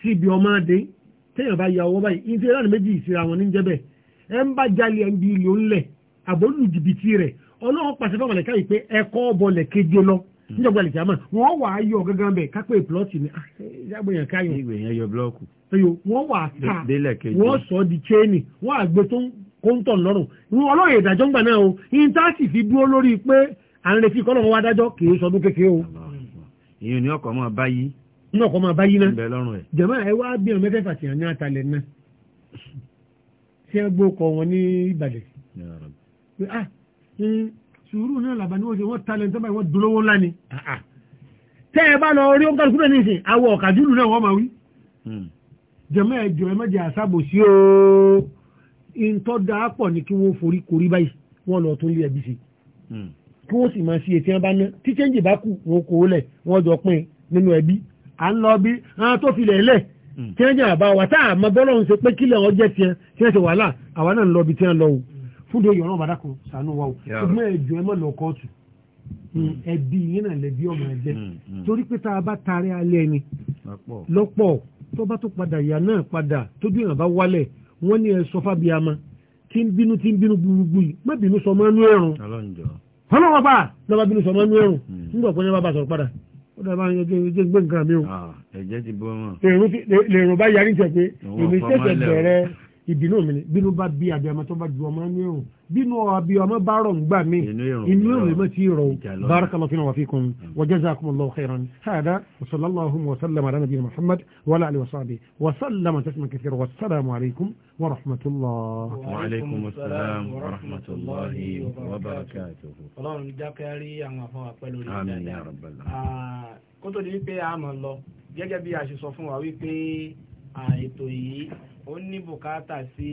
sí ibi ọmọdé téèyàn bá ya ọwọ́ báyìí ife láti méjì ìsira wọn ní jẹ́bẹ̀ ẹ ń bá jalè ẹbí ìlú ńlẹ̀ àbólú jìbìtì rẹ̀ ọlọ́run pàṣẹ fún ọmọlẹ́ká yìí pé ẹ̀kọ́ bọlẹ̀ keje lọ níjọba ìlẹ̀ àmà wọn wà á yọ gángan bẹ̀ kápẹ́ ni ah, káyọ̀ yọ wà á ta nínú ọkọ̀ máa bá yí náà jẹ̀mọ́ ẹ wá bí ọmọ mẹ́fẹ̀ẹ́fà sí àní àtàlẹ̀ náà ṣé ẹ gbọ́ ọkọ̀ wọn ní ìbàdàn ah sùúrù náà làbà ní wọ́n ṣe wọ́n talẹ̀ nítorí wọ́n dolówó ńlá ni ah, ah. tẹ́ ẹ bá lọ rí ó ń kálukú náà nísìn awọ ọ̀kadúlù náà wọ́n máa wí hmm. jẹ̀mọ́ ẹ jọ ẹ má jẹ́ àṣàbò sí o ntọ́ da pọ̀ ni kí wọ́n forí korí báyìí wọ́n lọ tún lé ẹbí sí hmm. kí wọ́n sì máa ṣe ètí wọn bá ná tí chẹ́ǹjì bá kù wọn kò lẹ̀ wọ́n jọ pín nínú ẹbí à ń lọ bí àwọn tó filẹ̀ lẹ̀ hmm. tí wọ́n jẹ́ àbá wa tá àmọ́ bọ́lọ̀ ń ṣe pé kílẹ̀ wọn jẹ́ tiẹ̀ tí wọ́n ṣe wàhálà àwa náà ń lọ bí tí wọ́n lọ o fúndé yọ̀rọ̀ ọ̀bàdà kan sànú wa o ṣùgbọ́n ẹ̀jọ̀ ẹ má lọ kóòtù hmm. Hmm, ẹbí yín náà lẹbi ọmọ ẹgbẹ́ torí pé tá a bá taari alẹ́ ni lọ́pọ̀ tó bá tó padà ìyá náà padà tójú ìyàn bá wálẹ̀ wọ́n ní ẹ sọ fábíàmà tí ń bínú tí ń bínú gbúgbú yìí má bínú sọmọ ẹnu ẹrùn ọlọ́wọ́ bá lọ́ba bínú sọmọ ẹnu ẹrùn nígbà pé ní bá bá sọ̀rọ̀ padà ó dàbá ń yẹjẹ gbé nǹkan mi o. Ah, ẹ̀jẹ̀ ti bọ́ wọn. lèrò bá yarí jẹ pé èmi ṣẹ̀ṣẹ̀ bẹ̀rẹ̀ ìbínú mi ni bínú bá bí abiyamọ tó bá ju ọmọ ní ẹ̀hún bínú abiyamọ bá rọ̀ ńgbà mí inú ẹ̀rọ mọ̀ tí rọ̀ barakallahu fina wa fikum mm. wa jazakumullahu khairan hada wa sallallahu wa sallama ala nabiyina muhammad wa ala alihi wa sahbihi wa sallama taslima kathira wa assalamu alaikum wa rahmatullah. wa alaikum assalam wa rahmatullahi wa barakatuh. ọlọ́run jákèrí àwọn afọwọ́ pẹ̀lú orí dáadáa kótó di wípé a máa lọ gẹ́gẹ́ bí a ṣe sọ fún wa wípé ètò yìí ó ní bùkátà sí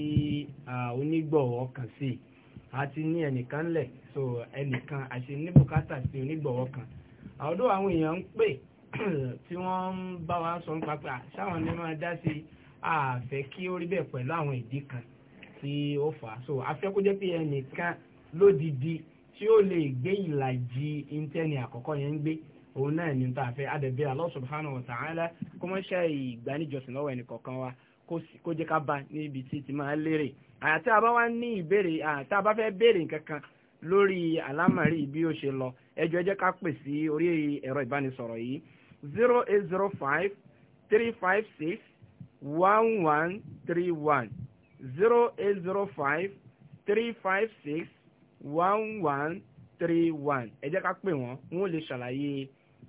onígbọ̀wọ́ kan sí i àti ní ẹnìkan lẹ̀ so ẹnìkan àti ní bùkátà sí onígbọ̀wọ́ kan àwọdó àwọn èèyàn ń pè [clears throat] tí wọ́n ń bá wa sọ nípa pé sáwọn ní máa dá sí àfẹ́ kí ó rí bẹ́ẹ̀ pẹ̀lú àwọn ìdí kan tí ó fà á so afẹ́ kó jẹ́ pé ẹnìkan lódìdí tí ó lè gbé ìlàjì intanet àkọ́kọ́ yẹn ń gbé òun náà ní ta àfẹ́ adẹ̀bẹ́ Allah subhanahu wa ta'ala kó mọ́ ṣe ìgbaníjọsìn lọ́wọ́ ẹnìkọ̀ọ̀kan wa kó jẹ́ ká bá níbi tí ti máa lérè àyàtí a bá wá ní ìbéèrè àyàtí a bá fẹ́ béèrè kankan lórí àlámàrí bí ó ṣe lọ ẹ jọ̀ọ́ ká pè sí orí ẹ̀rọ ìbánisọ̀rọ̀ yìí zero eight zero five three five six one one three one zero eight zero five three five six one one three one ẹ jẹ́ ká pè wọ́n wọ́n lè ṣàlàyé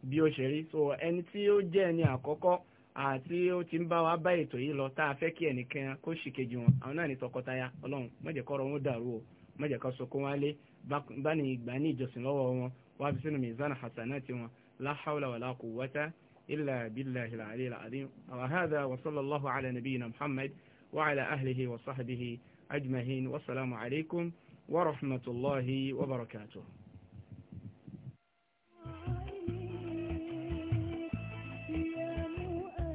bí ó ṣe rí so ẹni tí ó jẹ́ ẹni àkọ́kọ́ àti ó ti ń bá wa bá ètò yìí lọ tá a fẹ́ kí ẹnìkan kó sì kejì wọn àwọn náà ní tọkọtaya ọlọ́run má jẹ́ kọ́rọ̀ wọn dàrú o má jẹ́ ká sọkún wálé bá ní ìgbà ní ìjọsìn lọ́wọ́ wọn wá fi sínú mizana hasanati wọn la hawla wala quwwata illa billahi al-ali al-azim wa hadha wa sallallahu ala muhammad wa ala ahlihi wa sahbihi ajma'in wa salamu alaykum wa rahmatullahi wa barakatuh